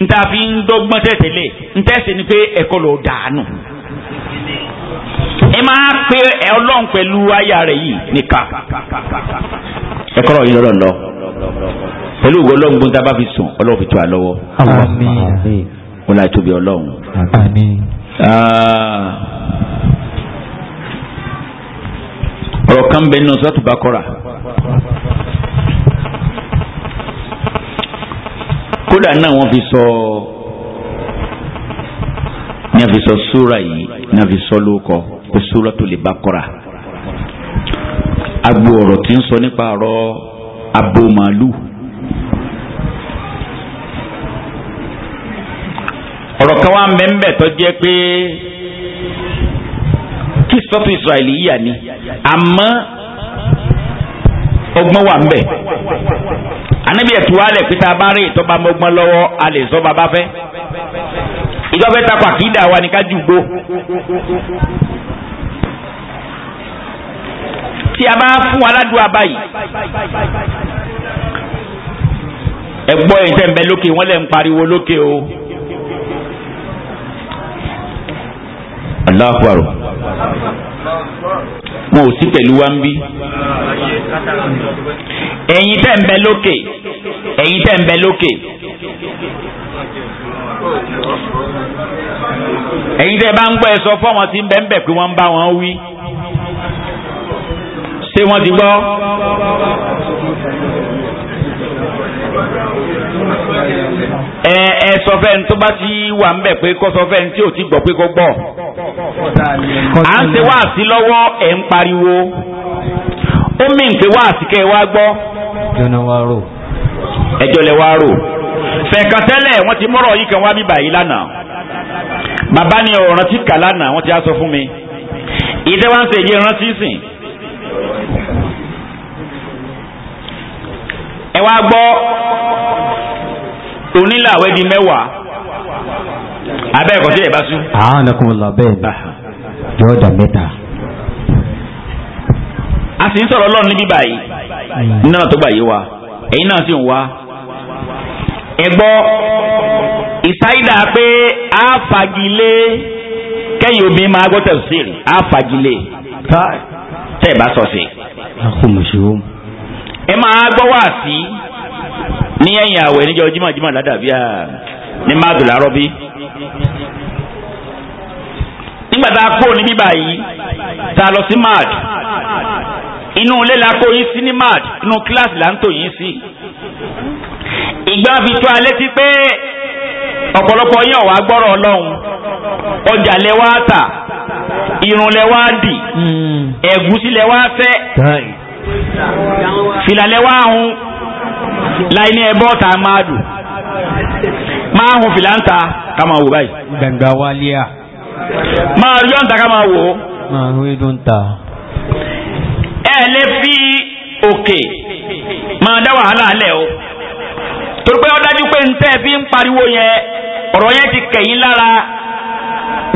níta fi ń dọ́gbọ́n tẹ̀tẹ̀lẹ̀ ntẹ́sẹ̀ ni pé ẹ̀kọ́ lọ dànù ẹ máa pe ẹ ọlọ́run pẹ̀lú aya rẹ̀ yìí nìkan ẹ̀kọ́ lọ yìí lọ pẹ̀lú ògo ọlọ́run gbọ́n bá fi sùn ọlọ́run fi tù á lọ́wọ́ àmín wọn tóbi ọlọ́run. àmín. Ah. ọ̀rọ̀ kan bẹ nínú sọ́tù Bákọ́rà. kódà náà wọ́n fi sọ ní a fi sọ súra yìí ní a fi sọ lóko pé súra tó lè bá kọ́ra agbo ọ̀rọ̀ tí ń sọ nípa ọ̀rọ̀ abo màálù kan wá mẹ́mbẹ̀ tó jẹ́ pé kí sọ́tún Israẹli yíyà ni àmọ́ ọgbọ́n wà ń bẹ̀ anabi ẹ̀tù wa lẹ̀ pété abárè tọ́ba mọ́gbọ́n lọ́wọ́ a lè sọ bàbá fẹ́ ìjọba takọ àkìdá wa ní ká jùgbó tí a bá fún aládùúgbò báyìí ẹ̀gbọ́n yìí tẹ̀ ń bẹ lókè wọ́n lẹ̀ ń pariwo lókè o. Allahu Akbar wọn ò sí pẹ̀lú wa ń bí. ẹ̀yin tẹ́ ń bẹ lókè ẹ̀yin tẹ́ ń bẹ lókè ẹ̀yin tẹ́ bá ń gbọ́ ẹ sọ fún àwọn tí ń bẹ ń bẹ̀ pé wọ́n ń bá wọn wí ṣé wọ́n ti gbọ́. ẹ ẹ sọ fẹ́ ní tó bá ti wà ń bẹ̀ pé kó sọ fẹ́ ní tí ò ti gbọ́ pé kó gbọ́ à ń ṣe wáàsí lọ́wọ́ ẹ̀ ń pariwo ó mì ń ṣe wáàsí kẹ́ ẹ wá gbọ́. ẹjọ́ lẹ wá rò fẹ̀ẹ̀kan tẹ́lẹ̀ wọ́n ti mọ́rọ̀ yìí kan wá bíbà yìí lánàá bàbá ni ọ̀ràn ti kà lánàá wọ́n ti á sọ fún mi ìdẹ́ wá ń ṣe èyí rántí sìn. ẹ wá gbọ́ onílàwẹ́ di mẹ́wàá abe ẹ̀kọ́ tí yẹ bá sún. àwọn ọkùnrin lọ bẹ́ẹ̀ ni yóò dà a sì ń sọ̀rọ̀ lọ́run níbí báyìí nínú tó gbà wa ẹ̀yin náà sì ń wá. ẹ gbọ́ ìsáyídà pé a fagilé kẹ́yìn obìnrin máa gbọ́ tẹ̀síìrì a fagilé tẹ́ ẹ bá sọ sí. ẹ máa gbọ́ wá sí ní ẹ̀yìn àwẹ̀ níjọ́ ládàbíà ní nígbà tá a kúrò níbí báyìí tá a lọ sí mad inú ilé la kó yín sí ní mad inú kíláàsì là ń tò yín sí. ìgbà fi tó alẹ́ ti pé ọ̀pọ̀lọpọ̀ yín ọ̀wá gbọ́rọ̀ ọlọ́run ọjà lẹ wá tà irun lẹ wá dì ẹ̀gúsí lẹ wá fẹ́ fìlà lẹ wá hun láì ní ẹbọ tá a máa dùn máa hun fìlà ń ta ká máa wò báyìí. gbẹ̀ngà wálé à. máa rí ọ̀ǹtà ká máa wò ó. ẹ lè fi òkè máa dá wàhálà lẹ̀ o torí pé ó dájú pé ń tẹ́ fi ń pariwo yẹn ọ̀rọ̀ yẹn ti kẹ̀yìn lára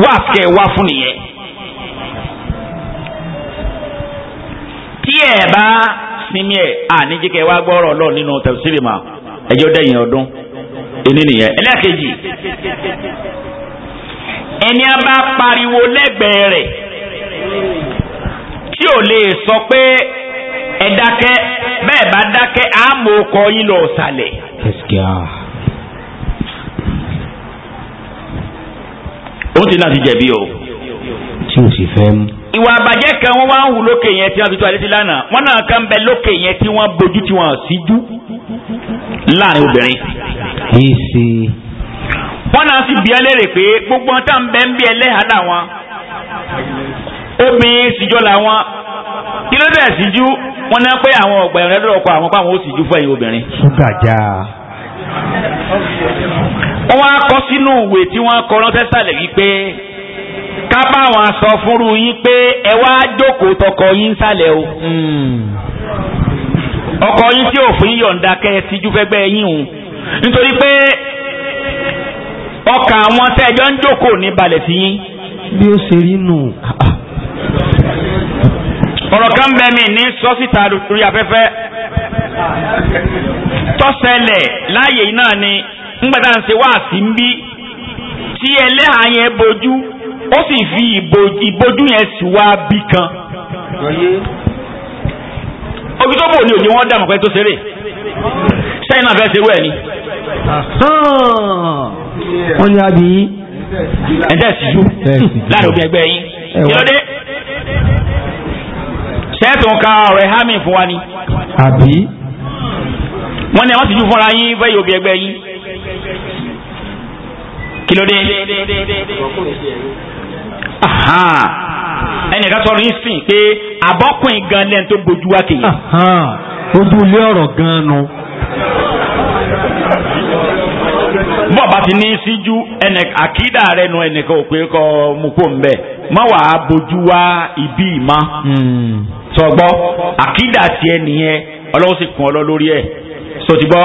wà kẹ̀ wá bá sinmi ẹ wá gbọ́rọ̀ lọ nínú tẹ̀síìrì ẹjọ́ dẹ̀yìn ọdún ẹni nìyẹn ẹni a bá pariwo lẹ́gbẹ̀ẹ́ rẹ̀ tí ò lè sọ pé ẹ dákẹ́ bẹ́ẹ̀ bá dákẹ́ àmọ́ ọkọ̀ yín lọ sàlẹ̀. ó ti náà ti jẹ̀bi o. tí o sì fẹ́ mú. ìwà àbàjẹ́ kan wọ́n wá ń hù lókè yẹn tí wọ́n fi tó àdéhùn lánàá wọ́n náà kàn bẹ lókè yẹn tí wọ́n bójú tí wọ́n sì jú láàrin obìnrin. kì í ṣe bọ́nà sì bí ẹlẹ́rè pé gbogbo ọ̀tá ń bẹ́ ń bí ẹlẹ́hàá làwọn obìnrin síjọ́ làwọn kí ló dẹ̀ síjú wọn náà pé àwọn ọ̀gbà ẹ̀rọ ẹ̀dọ̀rọ̀ kọ àwọn pàwọn ó síjú fún ẹ̀yin obìnrin. ṣúgà já. wọ́n wá kọ sínú ìwé tí wọ́n kọ ránṣẹ́ sàlẹ̀ wípé ká bá wọn fúnru yín pé ẹ wá jókòó tọkọ yín sàlẹ̀ o. Hmm. ọkọ yín tí òfin yọ̀ǹda kẹ́ ẹ síjú fẹ́gbẹ́ yín o nítorí pé ọkàn àwọn tẹ́jọ́ ń jókòó ní balẹ̀ sí yín. bí ó ṣe rí nù. ọ̀rọ̀ kan bẹ mi ní sọ́sìtà lórí afẹ́fẹ́ tọ́sẹ̀lẹ̀ láàyè náà ni ńgbàdá ń ṣe wáàsí ń bí tí ẹlẹ́hàá yẹn bojú ó sì fi ìbojú yẹn sì wá bí kan. omi tó bò ní òní wọ́n dànù pé tó ṣeré sẹ́yìn náà fẹ́ ṣerú ẹ̀ ni. Ah. wọ́n ní àbí. ẹ̀dá ìtìjú láàrin òbí ẹgbẹ́ yín kílódé sẹ́ẹ̀tùn ka ọ̀rọ̀ ẹ̀há mi fún wa ni. àbí. wọ́n ní àwọn tìjú fúnra yín fẹ́ yóò bí ẹgbẹ́ yín. kílódé ẹnìkan sọ̀rọ̀ yín sìn pé abọ́kùnrin gan lẹ́nu tó gbojú wa kìí. ojú ilé ọ̀rọ̀ gan nu bọ́ bá ti ní síjú ẹnì àkídà rẹ nu ẹnìkan ò pé kọ́ mu kó ń bẹ̀ má wàá bójú wá ibi ìmá sọgbọ́ àkídà tiẹ̀ nìyẹn ọlọ́wọ́ sì kún ọ lórí ẹ̀ sọtìgbọ́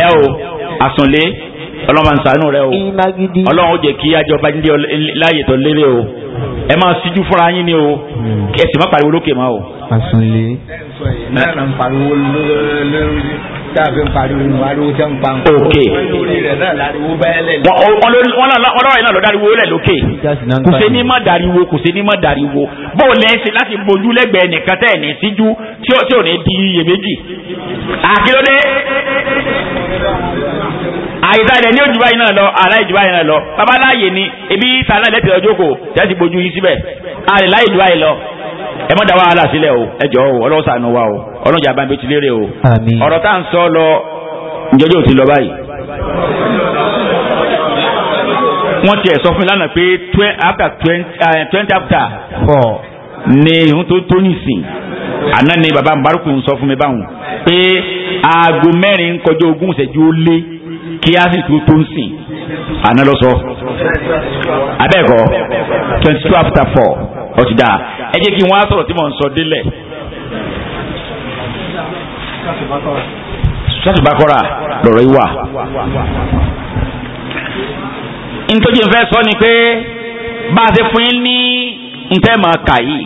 lẹ́ o àsùnlé ọlọ́mọ nsàánú rẹ o ọlọ́run ó jẹ́ kí ajọba ń dé láàyè tó lérè o ẹ máa síjú fúnra yín ni o kí má pariwo lókè máa o. àsùnlé. náà nà ń pariwo lórí táàfin parí inú ariwo tẹ́ ń pa ń kọ́. ok lórí rẹ̀ náà lariwo bẹ́ẹ̀lẹ̀. wọ́n lọ́wọ́ iná ló dariwo lẹ̀ lókè kò sí ní má dariwo kò sí ní má dariwo bó lẹ́ ṣe láti bojú lẹ́gbẹ̀ẹ́ nìkan tẹ́ ẹ̀ ní síjú tí ò ní di iyèméjì. àkílódé àyíká ilẹ̀ ní ojú báyìí náà lọ àlá ìjú báyìí náà lọ babaláyé ni ebi sànà lẹ́tẹ̀ẹ́ ọjọ́ kò jáde bojú yìí síbẹ̀ àlè láyé ìjú báyìí lọ ẹ mọ̀dà wàhálà sílẹ̀ o ẹ jọ o ọlọ́sàánú wa o ọlọ́jà bá ń bẹ ti lérè o ọ̀rọ̀ tá à ń sọ lọ njọ́jọ́ ò ti lọ báyìí. wọ́n tiẹ̀ sọ fún mi lánàá pé after eh, twenty after four ni ìhun tó tó nìsín àná ni baba mbaruku ń sọ fún mi báwọn pé aago mẹ́rin kọjá ogún ìṣẹ́jú ó lé kí á sì tó tó ń àná lọ sọ abẹ́ẹ̀kọ́ twenty two after four. ọtí dáa ẹ jẹ́ kí wọ́n á sọ̀rọ̀ tí mò sọ délẹ̀. sátìbákọ́ra lọ̀rọ̀ ìwà. nítorí n sọ ni pé bá a ṣe fún yín ní ntẹ́ máa kà yìí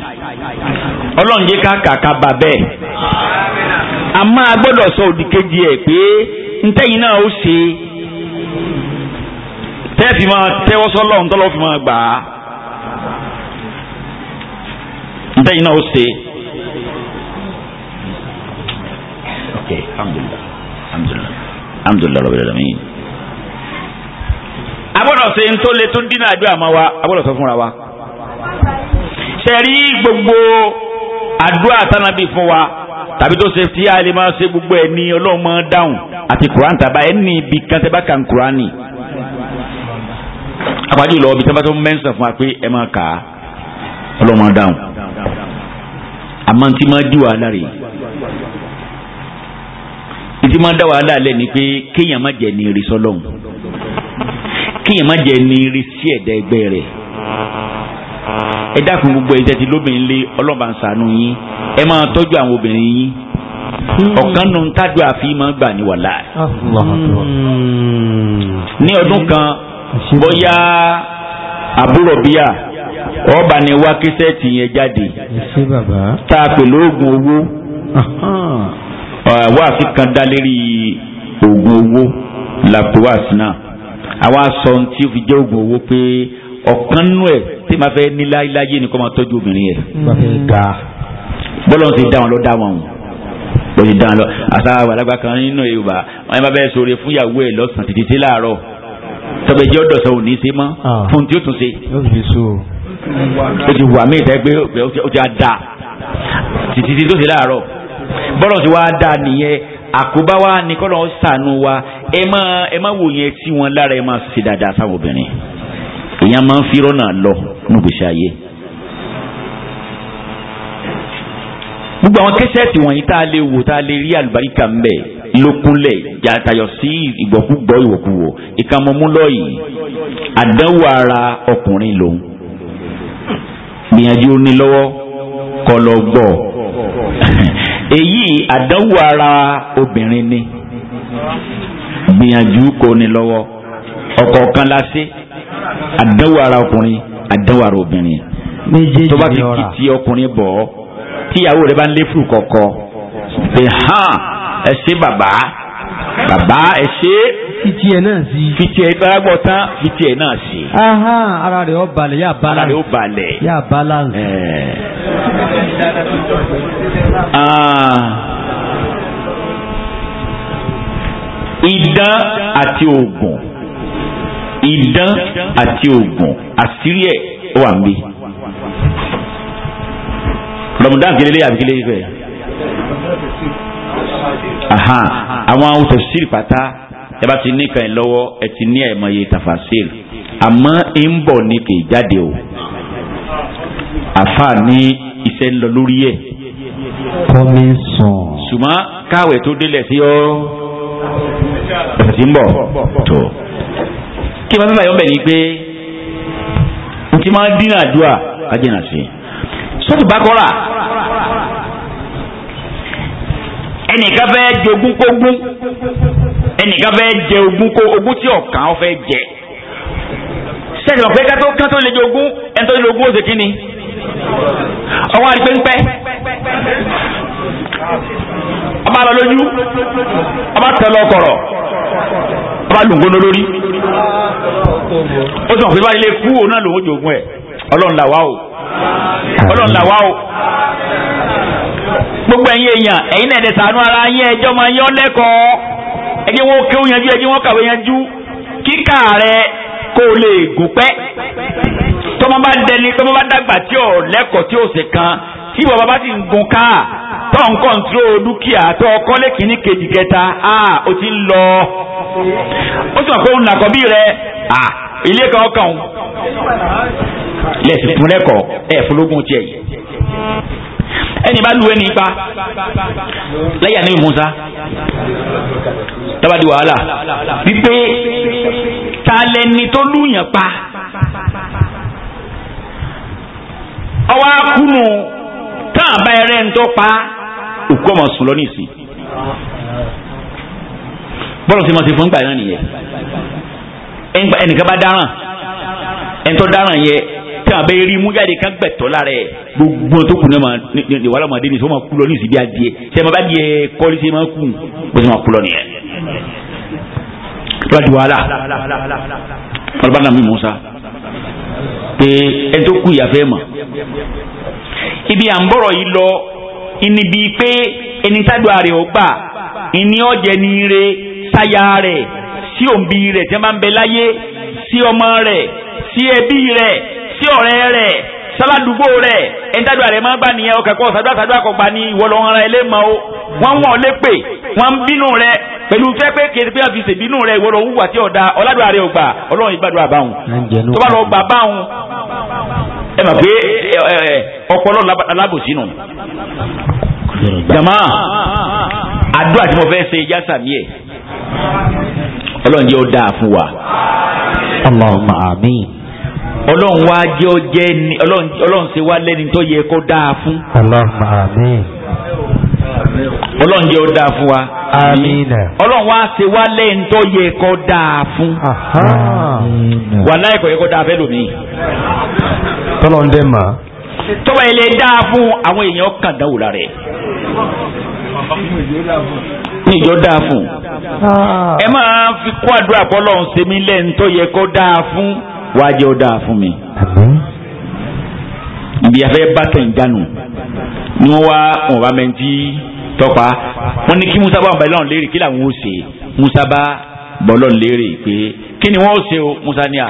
ká kà ká bà bẹ́ẹ̀ sọ òdì kejì ẹ̀ pé ntẹ́yìn náà ó ṣe máa tẹ́wọ́ fi ntẹ̀yìn náà ó ṣe. ok alhamdulilah alhamdulilah alhamdulilah rabbil alamin. agbọ́dọ̀ ṣe ń tó lé tó dínà àjọ àmọ́ wa agbọ́dọ̀ sọ fúnra wa. sẹ́rí gbogbo àdúrà tánàbí fún wa tàbí tó ṣe tí a lè máa ṣe gbogbo ẹ̀ ní ọlọ́run máa dáhùn àti kuran tàbá ẹ̀ ní ibi kan tẹ́ bá kàn kuran àpájù lọ ibi tí tó mẹ́sàn fún wa pé ẹ máa kà á ọlọ́run dáhùn àmọ́ tí máa di wàhálà rè tí máa da wàhálà lẹ̀ ni pé kéèyàn má jẹ́ ní irin sọ́lọ́hún kéèyàn má jẹ́ ní irin sí ẹ̀dá ẹgbẹ́ rẹ̀ ẹ dákun gbogbo ẹ̀ tẹ́tí lóbìnrin lé ọlọ́ba ń sànú yín ẹ máa tọ́jú àwọn obìnrin yín ọ̀kan nù ń tájú àfi máa gbà ní wàhálà ní ọdún kan bóyá àbúrò bíyà ọba ni wá kẹsẹ̀tì yẹn jáde tá a pè lóògùn owó wáàsí kan dá lérí oògùn owó làpò wáàsí náà àwa sọ ohun tí ó fi jẹ́ oògùn owó pé ọ̀kan nú ẹ̀ tí màá fẹ́ ní láyé ni kò máa tọ́jú obìnrin yẹn. bọ́lá ti dá wọn lọ dá wọn o lórí dán lọ àtàwọn àgbàlagbà kan nínú yorùbá wọn bá bẹ sọ̀rọ̀ fún ìyàwó ẹ lọ́sàn títí sí láàárọ̀ tọbẹ jẹ ọdọ sọ òní ṣe mọ ah. fún tí ó tún ṣe ó ti wà míì tẹ́ pé ó ti á da títí tí tó ṣe láàárọ̀ bọ́lọ̀ ti wá da nìyẹn àkóbá wa ni kọ́ lọ́n sànù wa ẹ má ẹ má wò yẹn tí wọn lára ẹ má ṣe dáadáa sáwọn obìnrin èèyàn máa ń fi rọ́nà lọ nígbèsè ayé. gbogbo àwọn kẹsẹ̀tì wọ̀nyí tá a lè wò tá a lè rí àlùbáríkà ń bẹ̀ lókunlẹ̀ jàtayọ̀ sí ìgbọ̀kúgbọ̀ ìwòkuwò ìkàmọ́múlọ́ yìí àdánwò ara ọkùnrin lòun gbìyànjú ní lọ́wọ́ kọ́ lọ gbọ́ èyí àdánwò ara obìnrin ni gbìyànjú kò ní lọ́wọ́ ọ̀kọ̀ọ̀kan la ṣe àdánwò ara ọkùnrin àdánwò ara obìnrin tó bá ti kí ti ọkùnrin bọ̀ ọ́ tíyàwó rẹ̀ bá ń lé fún kọ̀ọ̀kan ẹ̀ hàn ẹ̀ ṣe bàbá bàbá ẹ̀ ṣe fiti ẹ̀ náà sí. fiti ẹ̀ gbàgbọ́ tán fiti ẹ̀ náà sí. ara rẹ̀ ó balẹ̀ yà balance. ara rẹ̀ ó balẹ̀. yà balance. Ah. idán àti oògùn idán àti oògùn àṣírí ẹ̀ ó wà ń bí. rọmọdán kìlélẹ́yà àbí kìlélẹ́yà fẹ́. àwọn ohun tẹ̀síìrì tẹ́bá ti ní kan lọ́wọ́ ẹ ti ní àìmọye tafasir àmọ́ ẹ ń bọ̀ ní kì í jáde o àfa ní iṣẹ́ ń lọ lórí ẹ̀. kọ́mí sàn. ṣùgbọ́n káwé tó délẹ̀ sí ọ́ ẹ̀sẹ̀ tí ń bọ̀ tó. kí n bá bàbá yọ̀ bẹ̀ ni pé n ti máa dín àdúrà ajínà sí sọ́tù bá kọ́ra ẹnìkan fẹ́ jogún kógún ẹnìkan fẹ́ jẹ ogún kó ogún tí ọ̀kan ọ fẹ́ jẹ sẹ́yìn ọ̀pẹ́ ká tó kán tó lè jẹ ogún ẹni tó lè jẹ ogún ó ṣe kí ni ọwọ́ àti pẹ́ńpẹ́ ọba lọ lójú ọba tẹ lọ kọ̀rọ̀ ọba lùgbóná lórí ó sọ pé báyìí lè kú òun náà lòun jòògùn ẹ̀ ọlọ́run là wá o ọlọ́run là wá o gbogbo ẹ̀yin èèyàn ẹ̀yin náà ẹ̀dẹ̀ sànú ara yín ẹjọ́ máa yọ́ lẹ́kọ̀ọ́ ẹ jẹ́ wọn kéwù yanjú ẹ jẹ́ wọn kàwé yanjú kíkà rẹ kó o lè gùn pẹ́ tọ́mọ bá dẹni tọ́mọ bá dàgbà tí ò lẹ́kọ̀ọ́ tí ò sì kan tí bàbá bá ti ń gun káà tó ń kọ́ńtró dúkìá tó kọ́lé kìíní kejì kẹta a ó ti ń lọ ó sì mọ̀ pé òun nàkọ́ bí rẹ ilé kan kàn lẹ́sìn fún lẹ́kọ̀ọ́ ẹ̀ fọlọ́gùn tiẹ̀ yìí ẹni bá lu ẹni pa lẹ́yìn àníbi Musa tábàdí wàhálà wípé talẹni tó lùyàn pa ọwọ́ akúnu tán àbá ẹrẹ́ ń tó pa òkú ọmọ sùn lọ nìsín bọ́lá ti mọ̀ sí fún gbà náà nìyẹn ẹnìkan bá dáràn ẹnìtọ́ dáràn yẹn tí a bẹ rí mú jáde ká gbẹ̀tọ́ lára ẹ̀ gbogbo tó kù ní ma ní wàhálà ọmọdé ní sọ ma kú lọ ní ìsìbí adìẹ sẹ ma bá diẹ kọ́lí sẹ ma kú o sì ma kú lọ nìyẹn. lọ́dún wàhálà ọlọ́ba náà Musa pé ẹ tó kú ìyàfẹ́ mà ibi à ń bọ̀rọ̀ yìí lọ ìníbi pé ẹni tájú ààrẹ ò gbà ìní ọ̀jẹ̀ ní ire sáyà rẹ̀ sí òǹbí rẹ̀ tí bá ń bẹ láyé sí ọmọ rẹ̀ sí ẹbí rẹ̀ sí ọ̀rẹ́ rẹ̀ sáládùúgbò rẹ̀ ẹ̀ńtàdùn àrẹ máa gbà nìyẹn ọkàn kọ́ sàdúrà sàdúrà kọ́ gbà ní ìwọ lọ́wọ́ ara ẹlẹ́ mọ́ o wọ́n wọ́n lé pè wọ́n ń bínú rẹ̀ pẹ̀lú fẹ́ pé kéde pé wọ́n fi ṣèbínú rẹ̀ ìwọ lọ́wọ́ tí ọ̀dà ọ̀làdùn àrẹ ò ọlọ́run ìgbàdùn àbáhùn tó bá lọ gbà báhùn ẹ mà pé ọpọlọ alábòsí nù jama àdúrà tí mo fẹ́ ṣe jásà mi ọlọ́run jẹ́ ó fún wa. Allahumma amin ọlọ́run wá jẹ́ ọ jẹ́ ni ọlọ́run ṣe wá lẹ́ni tó yẹ kó dáa fún. Allahumma àmín. ọlọ́run jẹ́ ọ dáa fún wa. àmín. ọlọ́run wá ṣe wá lẹ́ni tó yẹ kó dáa fún. wàláhì kò yẹ kó dáa fẹ́ lómi. tọ́lọ́ ń dẹ́ mà. tọ́wọ́ ilé dáa fún àwọn èèyàn kàn dáwò la rẹ̀. ìjọ dáa fún. Ah. ẹ máa fi kó àdúrà kọ́ lọ́run ṣe mí lẹ́ni tó yẹ kó dáa fún wàá jẹ́ ó dáa fún mi. ibi afẹ́ bá kẹ̀ǹgánu ni wọ́n wá wọn bá mẹ́ntì tọ́pa wọ́n ní kí musa bá wọn bẹ̀rẹ̀ lọ́rùn léèrè kí làwọn ó ṣe musa bá bọ́lọ̀ léèrè pé kí ni wọ́n ó ṣe o musa ní à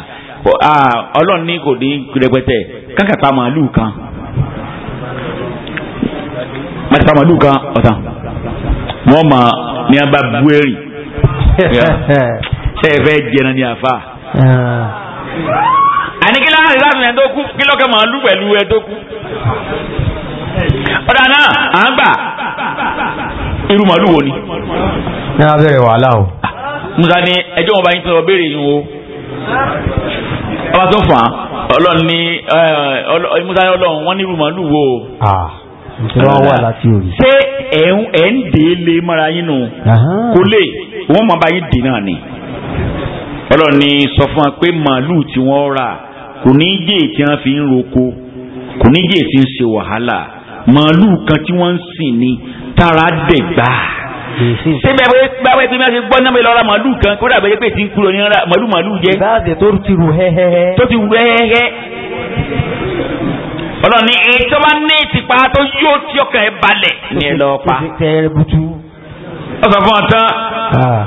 ọlọ́run ní kò ní rẹpẹtẹ kákàpá màálù kan màtàpá màálù kan ọ̀tàn wọ́n mọ̀ ní abá buwẹ́rì ṣe é fẹ́ jẹran ní àfà. Ah àní kí lọ́nà ìlànà ẹ̀ tó kú kí lọ́kẹ́ màá lù pẹ̀lú ẹ̀ tó kú. ọ̀dà náà à ń gbà irú màálù wo ni. ní a bẹ̀rẹ̀ wàhálà o. musa ni ẹjọ́ wọn bá yín sọ̀rọ̀ béèrè yín o. ọba tó fà á ọlọ́run ní musa ní ọlọ́run wọ́n ní irú màálù wo. ṣé ẹ̀ ń dè é lé mọ́ra yín nù kó lè wọ́n mọ̀ bá yín dè náà ni ọlọ́run ní sọ fún wa pé màálùú tí wọ́n rà kò ní jẹ́ tí wọ́n fi ń roko kò ní jẹ́ tí ń ṣe wàhálà màálùú kan tí wọ́n ń sìn ní tara dẹ̀ gbà. síbẹ̀ báwo ẹgbẹ́ máa ṣe gbọ́ náà lọ́ra màálùú kan kó dàbẹ̀ pé tí ń kúrò ní ra màálùú màálùú jẹ́. ìbáàdì tó ti rù hẹ́hẹ́hẹ́. tó ti rù hẹ́hẹ́hẹ́. ọlọ́run ní èyí tó bá ní ìtìpa tó yóò tí ọkàn ẹ̀ balẹ̀. ní ẹ lọ pa. ó sọ fún ọ tán. Ah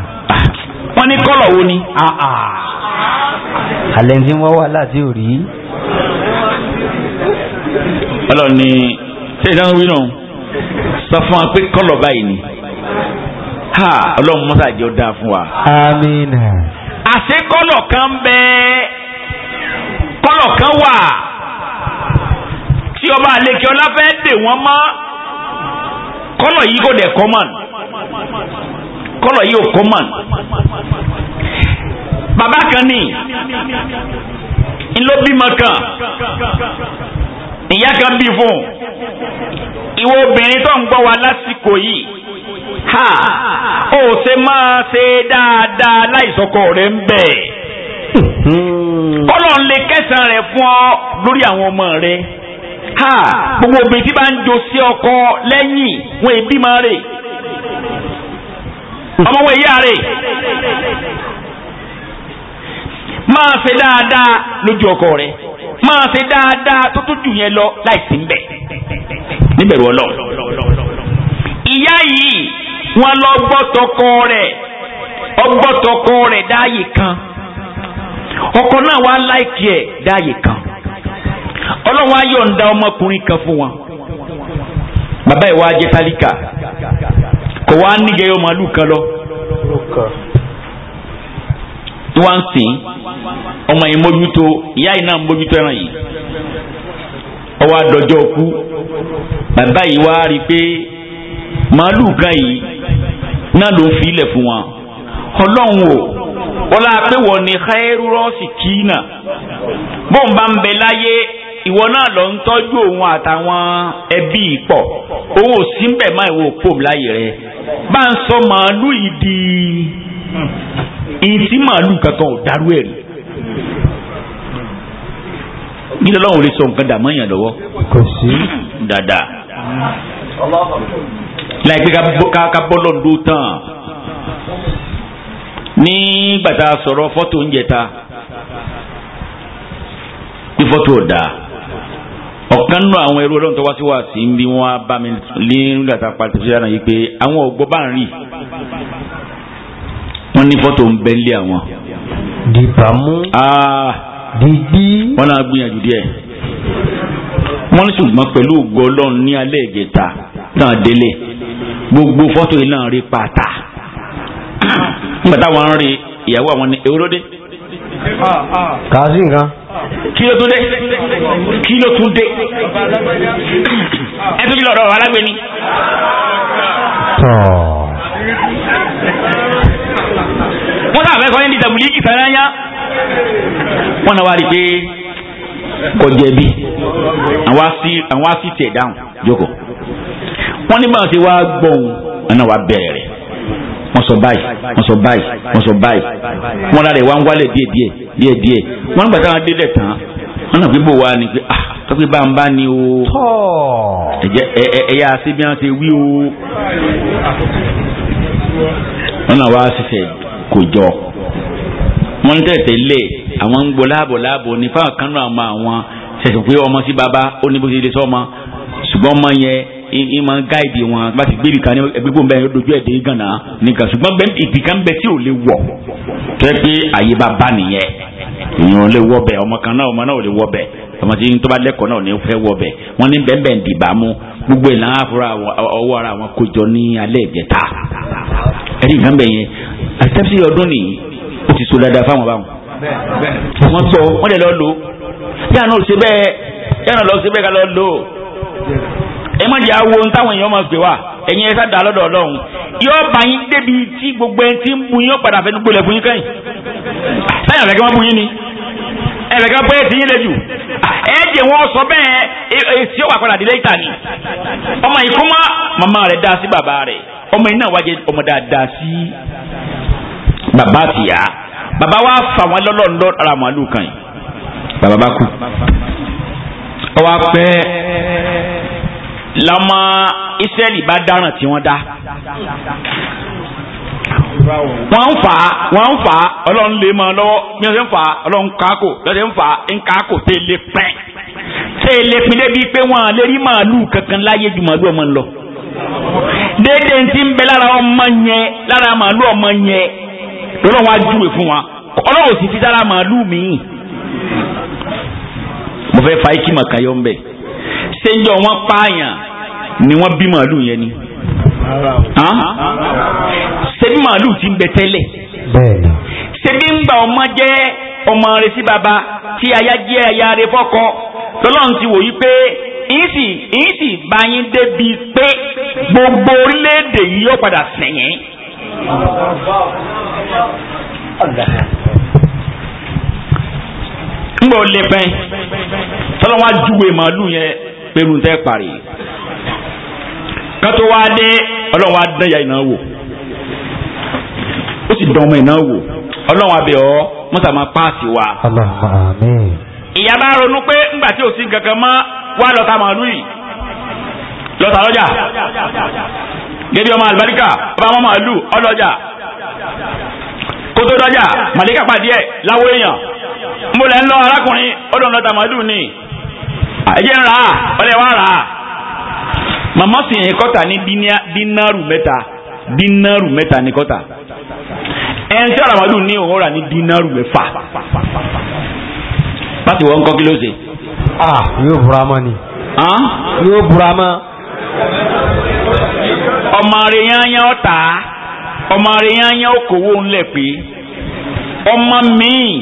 wọ́n ní kọ́lọ̀ wo ni. Ah, ah. alẹ́ ń tí wọ́n wà láti òrí. ọlọ́run ni ṣé ìdáná wí náà sọ fún wa pé kọ́lọ̀ báyìí ni ọlọ́run mọ́tà jẹ́ ó dáa fún wa. àṣé kọ́lọ̀ kan bẹ́ẹ̀ kọ́lọ̀ kan wà tí ọba àlekè ọlá fẹ́ dè wọ́n mọ́ kọ́lọ̀ yìí kò dẹ̀ kọ́ kọ́lọ̀ yìí ò kó mọ̀ bàbá kan ní ńlọ bímọ kan ìyá kan bí fún ìwọ obìnrin tó ń gbọ́ wa lásìkò yìí ha ó ṣe máa ṣe dáadáa láìsọkọ rẹ ń bẹ kọ́lọ̀ ń lè kẹsàn-án fún ọ lórí àwọn ọmọ rẹ ha gbogbo obìnrin tí bá ń jọ sí ọkọ lẹ́yìn wọn èbí máa rè. ọmọ wọn ìyá rẹ̀ máa ṣe dáadáa lójú ọkọ rẹ máa ṣe dáadáa tó tó lọ láì ń bẹ̀ níbẹ̀rù ọlọ́run ìyá yìí wọn lọ gbọ́tọ̀kọ rẹ̀ ọgbọ́tọ̀kọ rẹ dáàyè kan ọkọ náà wá láìkí ẹ dáàyè kan ọlọ́run á yọ̀ǹda kan fún wọn bàbá ìwà kò wá nígẹ̀ yóò máa lù kan lọ. tí wọ́n ń sìn ọmọ yìí mójútó ìyá yìí náà mójútó ẹran yìí ọwọ́ àdọ́jọ́ kú bàbá yìí wá rí i pé màálù kan yìí náà ló ń fi ilẹ̀ fún wọn ọlọ́run o wọ́n lára pé wọ́n ní khairu rọ́ọ̀sì kìínà bọ́ọ̀ bá ń bẹ láyé ìwọ náà lọ ń tọ́jú òun àtàwọn ẹbí pọ̀ òun ò sí bẹ̀ mọ́ ìwọ òpó láyè rẹ̀ bá ń sọ màálù yìí di ìyìn tí màálù kankan ò dárú ẹ̀ rí nílẹ̀ ọlọ́run ò lè sọ nǹkan dààmú èèyàn lọ́wọ́ kò láìpẹ́ ká bọ́ lọ́dún tán ní gbàtà sọ̀rọ̀ fọ́tò oúnjẹ ta ní fọ́tò ọ̀dà ọ̀kan nù àwọn ẹrú ọlọ́run tó wá sí wá sí ń bí wọ́n á bá mi lé nígbà tá a pa tẹ̀síwájú náà yìí pé àwọn ọ̀gbọ́n bá ń rì wọ́n ní fọ́tò ń bẹ́ lé àwọn. dìbàmú. Ah. dìbí. wọ́n náà gbìyànjú díẹ̀ wọ́n ní ṣùgbọ́n pẹ̀lú ògo ọlọ́run ní alẹ́ ìgẹ̀ta náà délé gbogbo fọ́tò yìí náà rí pàtà nígbà táwọn ń rí ìyàwó àwọn ni ewúrọ́dé. kàá nǹkan kí ló tún dé kí ló tún dé ẹ tún kí lọ́rọ̀ alágbèéní. wọ́n sábà fẹ́ sọ yín di tẹ̀bùlì ìsàlàyà wọ́n náà wá rí i pé kò jẹ̀bi àwọn á sì tẹ̀ dáhùn jókòó wọ́n ní báwọn ti wá gbọ́n wọn náà wá bẹ̀rẹ̀ rẹ̀ wọ́n sọ báyìí wọ́n sọ báyìí wọ́n sọ báyìí wọ́n lára ìwà ń wálẹ̀ díẹ̀ díẹ̀ díẹ̀ díẹ̀ wọ́n nígbà táwọn adé dẹ̀ wọ́n náà fi bò wá ni pé ah tọ́pẹ́ bá ń bá ni o ẹ̀yà àti bí wọ́n ti wí o wọ́n náà wá ṣiṣẹ́ kò jọ wọ́n ń tẹ̀tẹ̀ lé àwọn ń gbọ́ láàbọ̀ láàbọ̀ ní fáwọn kan náà àwọn ṣẹ̀ṣẹ̀ pé ọmọ sí baba ó ní bó ṣe lè sọ ọmọ ṣùgbọ́n ọmọ yẹn ìmọ̀ gáìdì wọn bá ti gbé ibìkan ní gbogbo nbẹ dojú ẹ̀ dé gànà nìkan ṣùgbọ́n bẹ́ẹ̀ ibìkan bẹ tí ò lè wọ̀ tẹ́ pé àyè bá bá nìyẹn èèyàn lè wọ bẹ ọmọ kan náà ọmọ náà ò lè wọ bẹ ọmọ tí tó bá lẹ́kọ̀ọ́ náà ò ní fẹ́ wọ bẹ wọn ní bẹ́ẹ̀ dìbà mú gbogbo ìlànà àfúrà ọwọ́ ara wọn kójọ ní alẹ́ ìjẹta ẹ̀rí nǹkan bẹ̀ yẹn àtẹ́sí ọdún nìyí ó ti so dáadáa fáwọn báwọn wọ́n sọ wọ́n lè lọ lò yàrá lọ sí bẹ́ẹ̀ yàrá lọ sí bẹ́ẹ̀ ká lọ lò ẹ má jẹ́ awo táwọn èèyàn máa pè wá ẹ̀yin ẹ sáà lọ́dọ̀ ọlọ́run yóò bá yín débi tí gbogbo ẹni tí ń bu yín padà fẹ́ẹ́ gbọ́lẹ̀ fún yín kẹ́yìn sáyà fẹ́ kí wọ́n bu yín ni ẹ fẹ́ kí wọ́n pé ti yín lẹ́jù ẹ jẹ́ wọ́n sọ bẹ́ẹ̀ èsì ọ̀wà padà délé ìta ni ọmọ yìí kó má màmá rẹ̀ dá sí bàbá rẹ̀ ọmọ yìí náà wájẹ ọmọ dáadáa sí bàbá àtìyá bàbá wa fà wọn lọ́lọ́ńdọ́ ara màálù kan yìí bàbá bá kú ọwọ́ apẹ́ lọ́mọ Ísírẹ́lì bá dáràn tí wọ́n dá. wọ́n ń fà á wọ́n ń fà á ọlọ́run lè mọ lọ́wọ́ bí wọ́n ṣe ń fà á ọlọ́run kákò lọ́sẹ̀ ń fà á ń kákò tẹ́ lé pẹ́ tẹ́ lé pin débi pé wọ́n lè rí màálù kankan láyé ju ọmọ lọ. déédéé ń ti ń bẹ lára ọmọ yẹn lára màálù ọmọ yẹn lọ́wọ́ wọn á júwe fún wa ọlọ́run sì dára màálù mi-ín. mo fẹ́ fa ikí màkàyọ́ ń bẹ̀ sẹ́ńjọ́ wọn pààyàn ni wọ́n bí màálù yẹn ni. ṣebí màálù ti ń bẹ tẹ́lẹ̀ ṣebí ń gba ọmọ jẹ́ ọmọ rẹ baba tí aya jẹ́ aya rẹ fọ́kọ lọ́lọ́run ti wò yí pé ìsì ìsì báyìí débi pé gbogbo orílẹ̀-èdè yìí yóò padà sẹ̀yìn. n b'o lépin tọ́lọ́wọ́n á júwe màálù yẹn. pẹ̀lú tẹ́ parí. kátó wá dé ya ó sì dán ọmọ ọlọ́run abẹ́ ọ mọ́tà máa wa. ìyá bá ronú pé ńgbà tí ò kankan mọ́ wá lọ́ta màálù yìí lọ́ta lọ́jà gẹ́gẹ́ ọmọ àlùbáríkà ọba ọmọ màálù ọlọ́jà kótó dọ́jà màlíkà pàdé ẹ̀ láwọ èèyàn mo ẹ̀jẹ̀ ń rà á ọlẹ́ wa rà á màmá sì yẹn kọ́tà ní dínárù mẹ́ta dínárù mẹ́ta ní kọ́tà ẹn tí aramadu ní òun rà ní dínárù mẹ́fà pàtó wọn kọ́ kí ló ṣe. ah yóò bura mọ́ ni. yóò bura mọ́. ọmọ rẹ̀ yányá ọ̀tá ọmọ rẹ̀ yányá okòwò ńlẹ̀ pé ọmọ mi-ín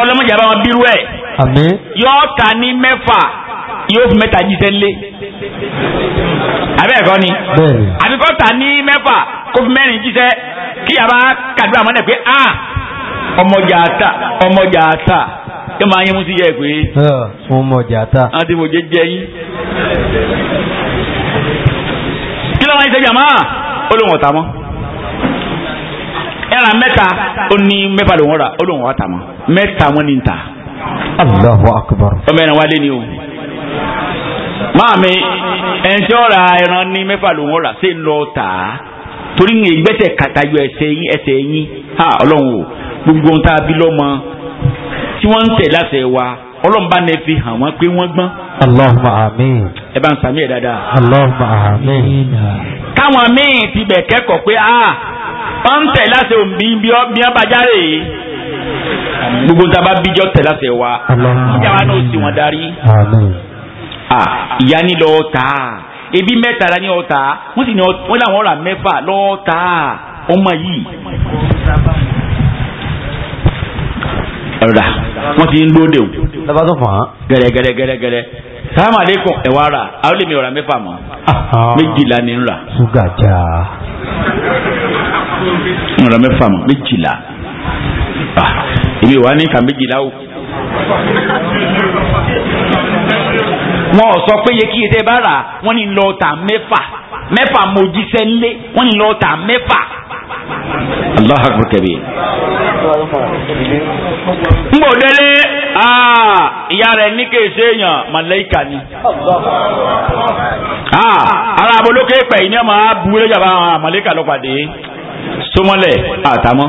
ọlọ́mọdé bírú ẹ̀ àmín. yóò ka ní mẹ́fà yóò fi mẹ́ta jíṣẹ́ lé abẹ́ ẹ̀kọ́ ni àbíkọ́ ta ní mẹ́fà kó fi mẹ́rin jíṣẹ́ kí yàrá kàdúrà mọ́lẹ̀ pé a ọmọjà ta ọmọjà ta yóò máa yín mú sí yẹ pé. ọmọjà ta. àwọn tí mo jẹ jẹ yín. kí ló máa ń ṣe jàmá olóhùn ọ̀tá mọ́ ẹ̀ràn mẹ́ta ó ní mẹ́fà lòún rà olóhùn ọ̀tá mọ́ mẹ́ta wọn ni ta. Allahu akbar. ọmọ ẹran wálé ni o maami ẹni tí ó ra ẹran ní mẹ́fà ló ń rà sí ń lọ tà á torí ní ìgbésẹ̀ kàtàyọ ẹsẹ̀ yín ẹsẹ̀ yín ha ọlọ́run o gbogbo ohun tá a bí lọ́mọ tí wọ́n ń tẹ̀ láṣẹ wa ọlọ́run bá nẹ fi hàn wọ́n pé wọ́n gbọ́n. Allahumma amin. ẹ bá ń sàmì ẹ̀ dáadáa. Allahumma amin. káwọn míì ti bẹ̀ kẹ́kọ̀ọ́ pé a ah, wọ́n ń tẹ̀ láṣẹ òbí bí ọ́ bí ọ́ bá járe yìí gbogbo ntaba bíjọ́ tẹ̀lé àṣẹ wa ìjà wa náà sì wọ́n darí ìyá ni lọ́ọ́ ta ebi mẹ́ta la ni ọ́ ta wọ́n sì ni wọ́n làwọn ra mẹ́fà lọ́ọ́ ta ọmọ yìí ọ̀rọ̀dà wọ́n ti ń lóde o. lọ́ba tó fà á. gẹ́rẹ́ gẹ́rẹ́ gẹ́rẹ́ sáàmù àlékún ẹ̀wà rà àwọn lèmi ọ̀rà mẹ́fà mọ́ méjìlá ni ń rà. ṣúgà já. ọ̀rà mẹ́fà mọ́ Ah, ibi wà ní kàméjìlá o. wọn ò sọ pé iye kí ètè bá rà wọ́n ní lọ tà mẹ́fà mẹ́fà mo jíṣẹ́ ńlé wọ́n ní lọ tà mẹ́fà. Allah akbar kabi. n bò délé ah, ìyá rẹ̀ ní kí èsè èèyàn màláìka ni. Ah, ara abolókè pẹ̀ ní ọmọ abu lójà bá màláìka lọ́pàdé sọmọlẹ̀ àtàmọ́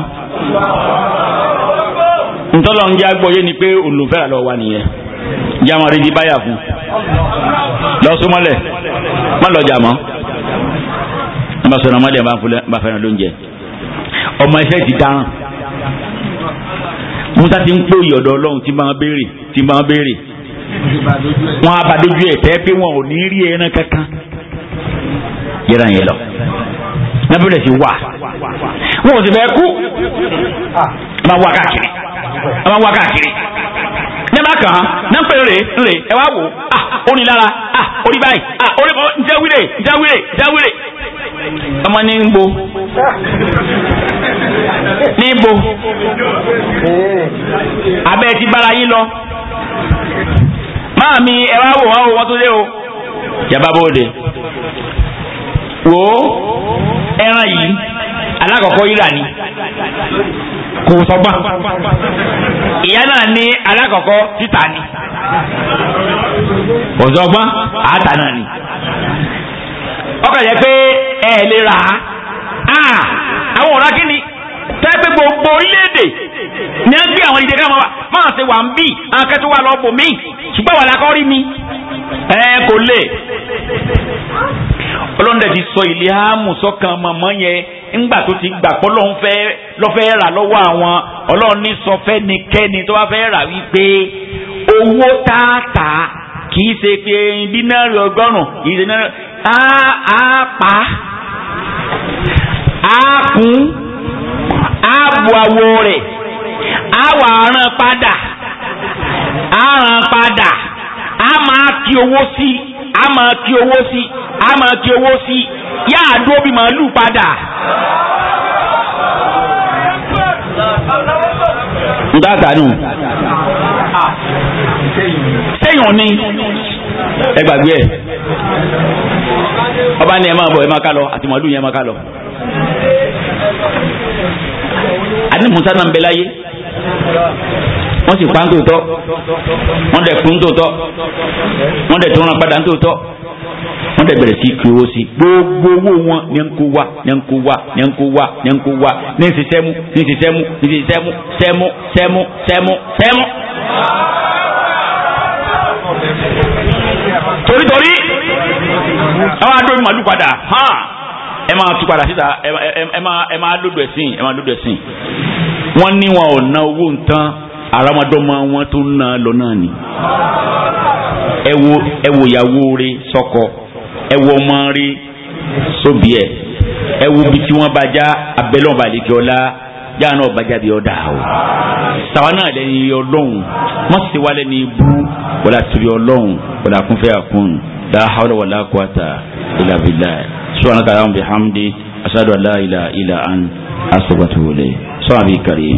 ntọ́lọ̀ ń já gbọ́yé ni pé olùfẹ́ra lọ wà nìyẹn jámọ́ rí di báyà fún lọ́sùmọ́lẹ̀ má lọ jàmọ́ n bá sọ̀rọ̀ ọmọdé bá fẹ́ràn lóúnjẹ ọmọ iṣẹ́ ti dáràn musa ti ń pè ìyọ̀dọ̀ ọlọ́run tí máa béèrè tí máa béèrè wọn á bá dójú ẹ̀ tẹ́ pé wọn ò ní rí ẹran kankan yẹ́ra yẹn lọ nábìlẹ̀ ti wà wọn ò sì fẹ́ kú máa wá káàkiri àwọn wá káàkiri ní bá kàn án náà pé rè ẹ wá wò ah orí lára ah orí báyìí ah orí bọ jáwèrè jáwèrè jáwèrè ọmọ ní ń bo ní bo abẹ́ ti bára yín lọ máa mi ẹ wá wò wá wò wọ́n tó dé o yàbá bóde wò ó ẹran yìí alákọ̀ọ́kọ́ yíra ni kò sọ́gbà. ìyá náà ní alákọ̀ọ́kọ́ títà ni kò sọ́gbà àtà náà ni. ọkọ̀ yẹ pé ẹ lè rà á àwọn ọ̀rá kí ni tẹ́gbẹ́ gbogbo orílẹ̀ ní a ń gbé àwọn ìdẹ́gbẹ́ wọn wá máa ṣe wà ń bì akẹ́tọ́ wà lọ́bù mí ṣùgbọ́n wà lákọ́ rí mi ẹ kò lè. ọlọ́dẹ ti sọ ìlẹ́hàmù sọ́kàn mọ̀mọ́ yẹn ńgbà tó ti gbà pọ́ lọ́n fẹ́ lọ́fẹ́ rà lọ́wọ́ àwọn ọlọ́run ní sọ fẹ́nikẹ́ni tó bá fẹ́ rà wípé owó tààtà kì í ṣe pé dínárì ọgọ́rùn-ún kì í ṣe dínárì á pa á kún á bu àwo rẹ̀ á wà rán padà á rán padà á máa kí owó sí á máa kí owó sí a máa ti owó sí yáà dúró bí màálù padà. n ta ta nù. sẹ́yìn ni ẹ gbàgbé ẹ ọba ni ẹ máa bọ̀ ẹ máa ká lọ àti màálù yẹn máa ká lọ. àní musa náà ń bẹ láyé wọ́n sì pa ń tòótọ́ wọ́n dẹ̀ kún tòótọ́ wọ́n dẹ̀ tó ń padà ń tòótọ́ wọ́n dẹ̀ bẹ̀rẹ̀ sí kí owó sí gbogbo owó wọn ní ń kó wá ni ń kó wá ni ń kó wá ni ń kó wá ní ti sẹ́mu ní ti sẹ́mu ní ti sẹ́mu sẹ́mu sẹ́mu sẹ́mu sẹ́mu. torítorí àwọn adó màlúù padà ẹ máa tú padà síta ẹ máa lódò ẹ̀sìn ẹ máa lódò ẹ̀sìn wọ́n ní wọn ò ná owó nǹkan àràmọdọ́mọ wọn tó ná lọ náà ni ẹ wo ẹ wo ìyàwó rẹ sọkọ. So ẹ wọ ọmọ rí sóbì ẹ ẹ wo bí tí wọ́n bá já abẹ́lẹ́ ọba àlejò ọlá yáà náà bá jáde ọ̀dà o sàwa náà lẹ́ni ọlọ́run wọ́n sì wá lẹ́ni ibú wọlé àtúrí ọlọ́run wọlé àkúnfẹ́ àkún la hawla wala quwata illa billah subhanaka allahumma bihamdi ashhadu an la ilaha illa anta astaghfiruka wa atubu ilayk sọ́wọ́n àbí kàrí.